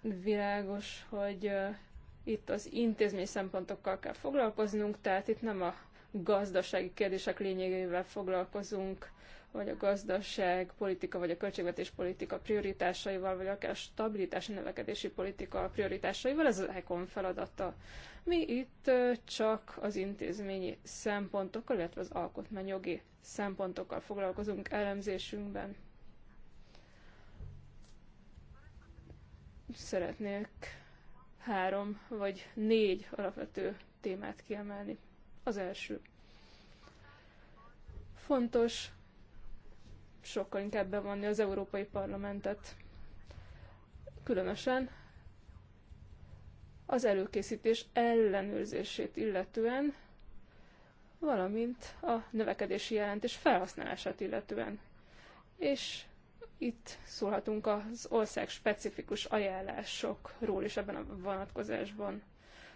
Világos, hogy uh, itt az intézmény szempontokkal kell foglalkoznunk, tehát itt nem a gazdasági kérdések lényegével foglalkozunk, vagy a gazdaság politika, vagy a költségvetés politika prioritásaival, vagy akár a stabilitási növekedési politika prioritásaival, ez az ECOM feladata. Mi itt csak az intézményi szempontokkal, illetve az alkotmányjogi szempontokkal foglalkozunk elemzésünkben. Szeretnék három vagy négy alapvető témát kiemelni. Az első. Fontos sokkal inkább bevonni az Európai Parlamentet. Különösen az előkészítés ellenőrzését illetően, valamint a növekedési jelentés felhasználását illetően. És itt szólhatunk az ország specifikus ajánlásokról is ebben a vonatkozásban.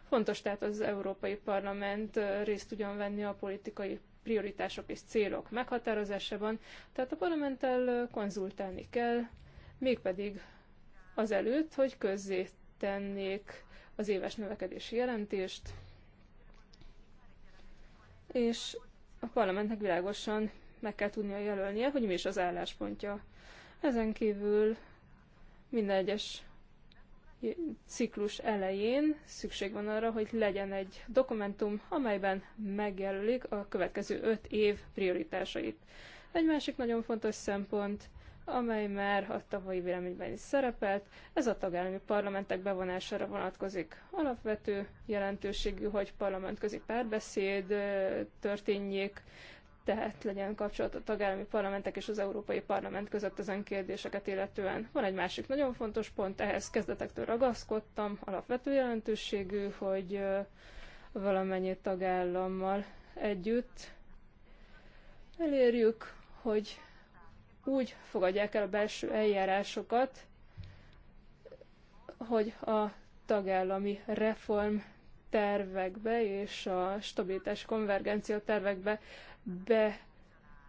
Fontos tehát az Európai Parlament részt tudjon venni a politikai prioritások és célok meghatározásában, tehát a parlamenttel konzultálni kell, mégpedig azelőtt, hogy közzé tennék az éves növekedési jelentést, és a parlamentnek világosan meg kell tudnia jelölnie, hogy mi is az álláspontja. Ezen kívül minden egyes ciklus elején szükség van arra, hogy legyen egy dokumentum, amelyben megjelölik a következő öt év prioritásait. Egy másik nagyon fontos szempont, amely már a tavalyi véleményben is szerepelt, ez a tagállami parlamentek bevonására vonatkozik. Alapvető jelentőségű, hogy parlamentközi párbeszéd történjék, tehát legyen kapcsolat a tagállami parlamentek és az Európai Parlament között ezen kérdéseket illetően. Van egy másik nagyon fontos pont, ehhez kezdetektől ragaszkodtam, alapvető jelentőségű, hogy valamennyi tagállammal együtt elérjük, hogy úgy fogadják el a belső eljárásokat, hogy a tagállami reform tervekbe és a stabilitás konvergencia tervekbe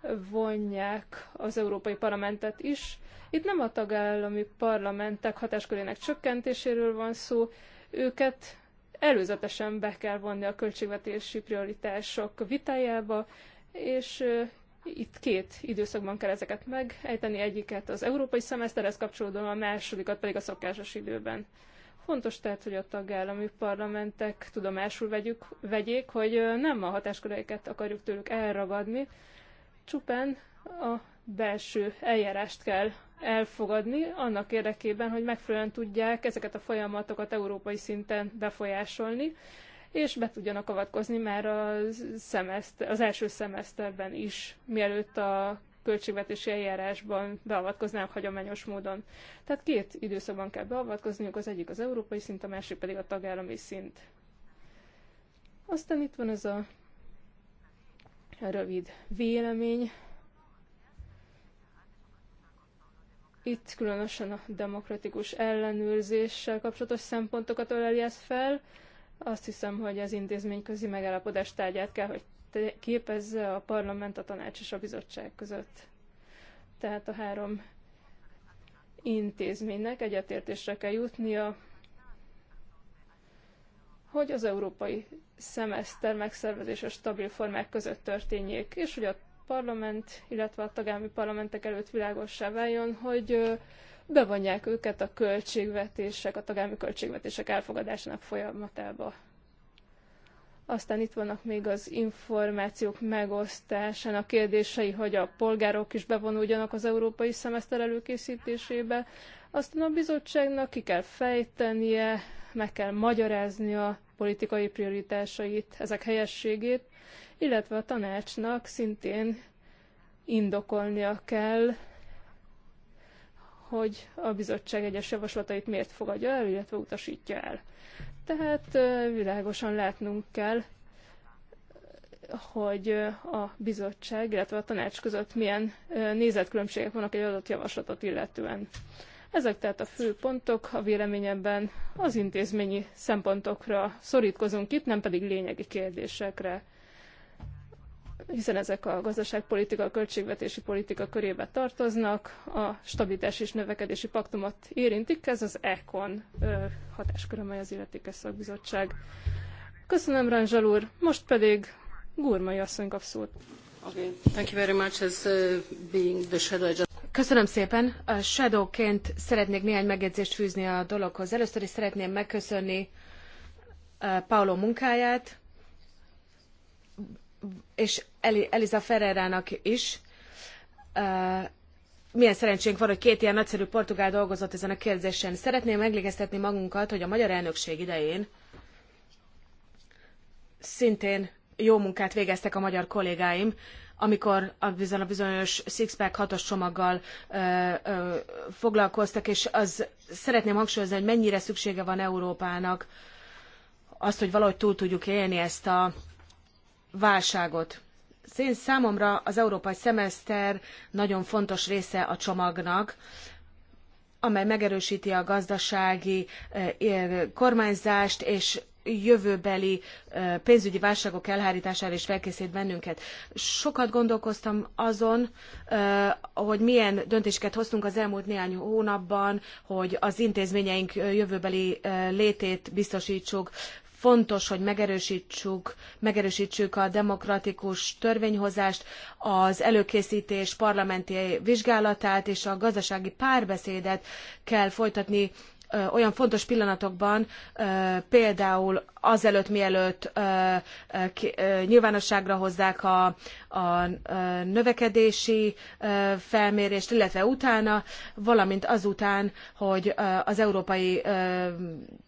bevonják az Európai Parlamentet is. Itt nem a tagállami parlamentek hatáskörének csökkentéséről van szó, őket előzetesen be kell vonni a költségvetési prioritások vitájába, és itt két időszakban kell ezeket megejteni, egyiket az európai szemeszterhez kapcsolódóan, a másodikat pedig a szokásos időben. Fontos tehát, hogy a tagállami parlamentek tudomásul vegyük, vegyék, hogy nem a hatásköröket akarjuk tőlük elragadni, csupán a belső eljárást kell elfogadni annak érdekében, hogy megfelelően tudják ezeket a folyamatokat európai szinten befolyásolni, és be tudjanak avatkozni már a szemeszt, az első szemeszterben is, mielőtt a költségvetési eljárásban beavatkoznának hagyományos módon. Tehát két időszakban kell beavatkozniuk, az egyik az európai szint, a másik pedig a tagállami szint. Aztán itt van ez a rövid vélemény. Itt különösen a demokratikus ellenőrzéssel kapcsolatos szempontokat öleli ez fel. Azt hiszem, hogy az intézményközi megállapodás tárgyát kell, hogy képezze a parlament, a tanács és a bizottság között. Tehát a három intézménynek egyetértésre kell jutnia, hogy az európai szemeszter a stabil formák között történjék, és hogy a parlament, illetve a tagállami parlamentek előtt világossá váljon, hogy bevonják őket a költségvetések, a tagállami költségvetések elfogadásának folyamatába. Aztán itt vannak még az információk megosztásának kérdései, hogy a polgárok is bevonuljanak az európai szemeszter előkészítésébe. Aztán a bizottságnak ki kell fejtenie, meg kell magyarázni a politikai prioritásait, ezek helyességét, illetve a tanácsnak szintén indokolnia kell, hogy a bizottság egyes javaslatait miért fogadja el, illetve utasítja el. Tehát világosan látnunk kell, hogy a bizottság, illetve a tanács között milyen nézetkülönbségek vannak egy adott javaslatot illetően. Ezek tehát a fő pontok a véleményemben az intézményi szempontokra szorítkozunk itt, nem pedig lényegi kérdésekre hiszen ezek a gazdaságpolitika, a költségvetési politika körébe tartoznak, a stabilitás és növekedési paktumot érintik, ez az ECON hatáskör, amely az illetékes szakbizottság. Köszönöm, Rangzsal úr, most pedig Gurmai asszony kap szót. Köszönöm szépen. A shadowként szeretnék néhány megjegyzést fűzni a dologhoz. Először is szeretném megköszönni uh, Paolo munkáját, és Eliza Ferrerának is. Milyen szerencsénk van, hogy két ilyen nagyszerű portugál dolgozott ezen a kérdésen. Szeretném meglékeztetni magunkat, hogy a magyar elnökség idején szintén jó munkát végeztek a magyar kollégáim, amikor a bizonyos six-pack hatos csomaggal ö, ö, foglalkoztak, és az szeretném hangsúlyozni, hogy mennyire szüksége van Európának azt, hogy valahogy túl tudjuk élni ezt a válságot. Szén számomra az európai szemeszter nagyon fontos része a csomagnak, amely megerősíti a gazdasági eh, eh, kormányzást és jövőbeli eh, pénzügyi válságok elhárítására is felkészít bennünket. Sokat gondolkoztam azon, hogy milyen döntéseket hoztunk az elmúlt néhány hónapban, hogy az intézményeink jövőbeli létét biztosítsuk fontos, hogy megerősítsük, megerősítsük a demokratikus törvényhozást, az előkészítés parlamenti vizsgálatát és a gazdasági párbeszédet kell folytatni olyan fontos pillanatokban, például azelőtt, mielőtt nyilvánosságra hozzák a, a növekedési felmérést, illetve utána, valamint azután, hogy az Európai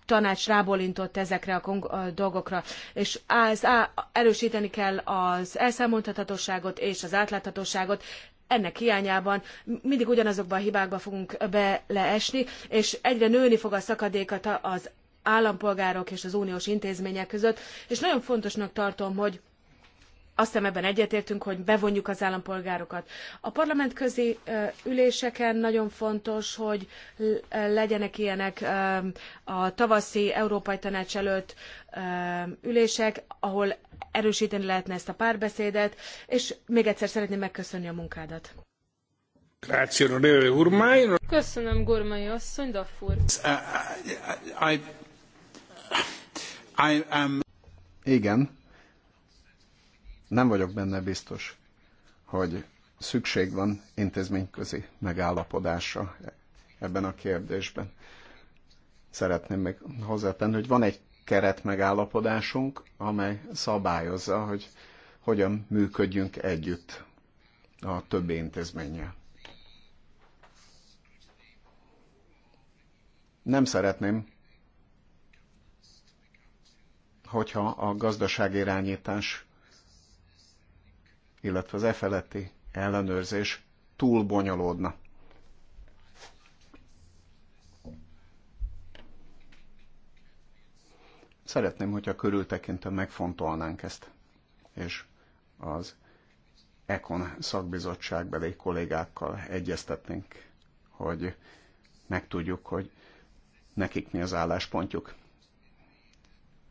Tanács rábólintott ezekre a dolgokra. És az, erősíteni kell az elszámoltathatóságot és az átláthatóságot, ennek hiányában mindig ugyanazokba a hibákba fogunk beleesni, és egyre nőni fog a szakadék az állampolgárok és az uniós intézmények között, és nagyon fontosnak tartom, hogy azt hiszem ebben egyetértünk, hogy bevonjuk az állampolgárokat. A parlament közi üléseken nagyon fontos, hogy legyenek ilyenek a tavaszi Európai Tanács előtt ülések, ahol erősíteni lehetne ezt a párbeszédet, és még egyszer szeretném megköszönni a munkádat. Köszönöm, Gormai asszony, Daffur. I, I Igen, nem vagyok benne biztos, hogy szükség van intézményközi megállapodásra ebben a kérdésben. Szeretném még hozzátenni, hogy van egy keret megállapodásunk, amely szabályozza, hogy hogyan működjünk együtt a többi intézménnyel. Nem szeretném, hogyha a gazdaságirányítás illetve az e feletti ellenőrzés túl bonyolódna. Szeretném, hogyha körültekintő megfontolnánk ezt, és az Ekon szakbizottságbeli kollégákkal egyeztetnénk, hogy megtudjuk, hogy nekik mi az álláspontjuk,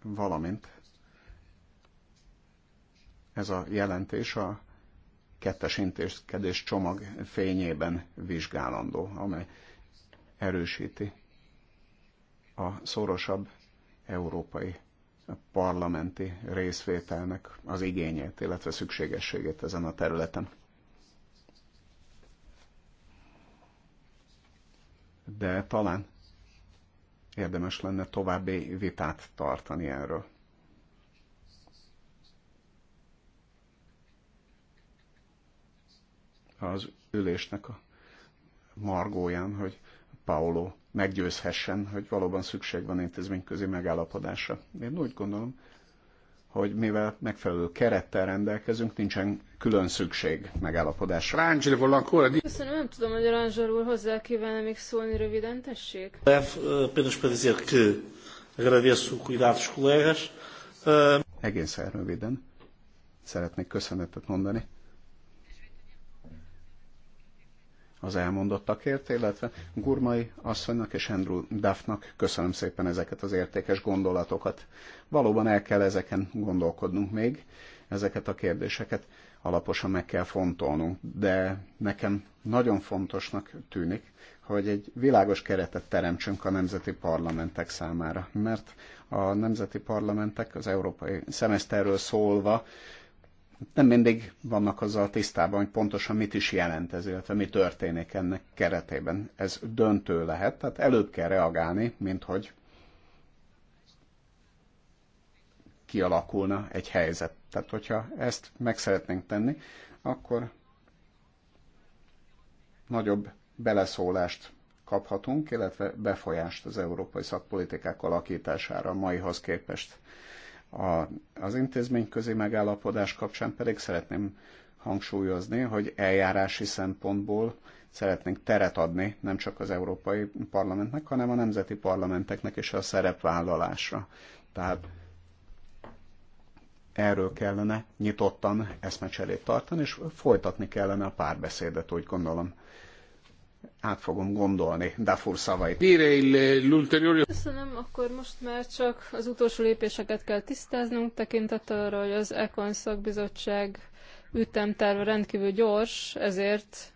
valamint ez a jelentés a kettes intézkedés csomag fényében vizsgálandó, amely erősíti a szorosabb európai parlamenti részvételnek az igényét, illetve szükségességét ezen a területen. De talán érdemes lenne további vitát tartani erről. az ülésnek a margóján, hogy Paolo meggyőzhessen, hogy valóban szükség van intézményközi megállapodásra. Én úgy gondolom, hogy mivel megfelelő kerettel rendelkezünk, nincsen külön szükség megállapodásra. Köszönöm, nem tudom, hogy Rangel úr hozzá kívánna még szólni röviden, tessék. Apenas para dizer que agradeço o cuidado dos colegas. Egészen röviden. Szeretnék köszönetet mondani az elmondottakért, illetve Gurmai asszonynak és Andrew Duffnak köszönöm szépen ezeket az értékes gondolatokat. Valóban el kell ezeken gondolkodnunk még, ezeket a kérdéseket alaposan meg kell fontolnunk, de nekem nagyon fontosnak tűnik, hogy egy világos keretet teremtsünk a nemzeti parlamentek számára, mert a nemzeti parlamentek az európai szemeszterről szólva nem mindig vannak azzal tisztában, hogy pontosan mit is jelent ez, illetve mi történik ennek keretében. Ez döntő lehet, tehát előbb kell reagálni, mint hogy kialakulna egy helyzet. Tehát, hogyha ezt meg szeretnénk tenni, akkor nagyobb beleszólást kaphatunk, illetve befolyást az európai szakpolitikák alakítására a maihoz képest. A, az intézményközi megállapodás kapcsán pedig szeretném hangsúlyozni, hogy eljárási szempontból szeretnénk teret adni nem csak az Európai Parlamentnek, hanem a nemzeti parlamenteknek is a szerepvállalásra. Tehát erről kellene nyitottan eszmecserét tartani, és folytatni kellene a párbeszédet, úgy gondolom át fogom gondolni Dafur szavait. Köszönöm, akkor most már csak az utolsó lépéseket kell tisztáznunk, tekintettel arra, hogy az Econ szakbizottság ütemterve rendkívül gyors, ezért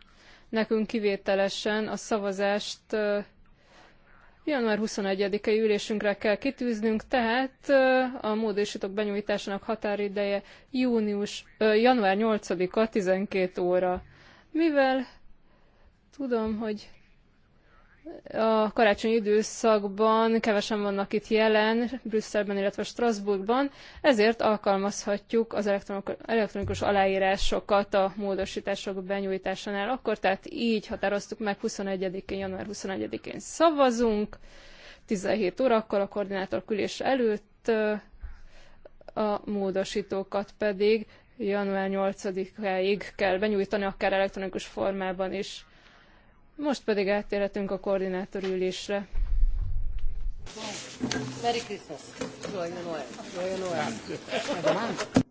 nekünk kivételesen a szavazást január 21-i ülésünkre kell kitűznünk, tehát a módosítók benyújtásának határideje június, január 8-a 12 óra. Mivel Tudom, hogy a karácsonyi időszakban kevesen vannak itt jelen, Brüsszelben, illetve Strasbourgban, ezért alkalmazhatjuk az elektronikus aláírásokat a módosítások benyújtásánál. Akkor tehát így határoztuk meg 21-én, január 21-én szavazunk, 17 órakor a koordinátor külés előtt, a módosítókat pedig január 8-áig kell benyújtani, akár elektronikus formában is. Most pedig áttérhetünk a koordinátor ülésre. Merry Christmas. Joyeux Noël! Joyeux Noël!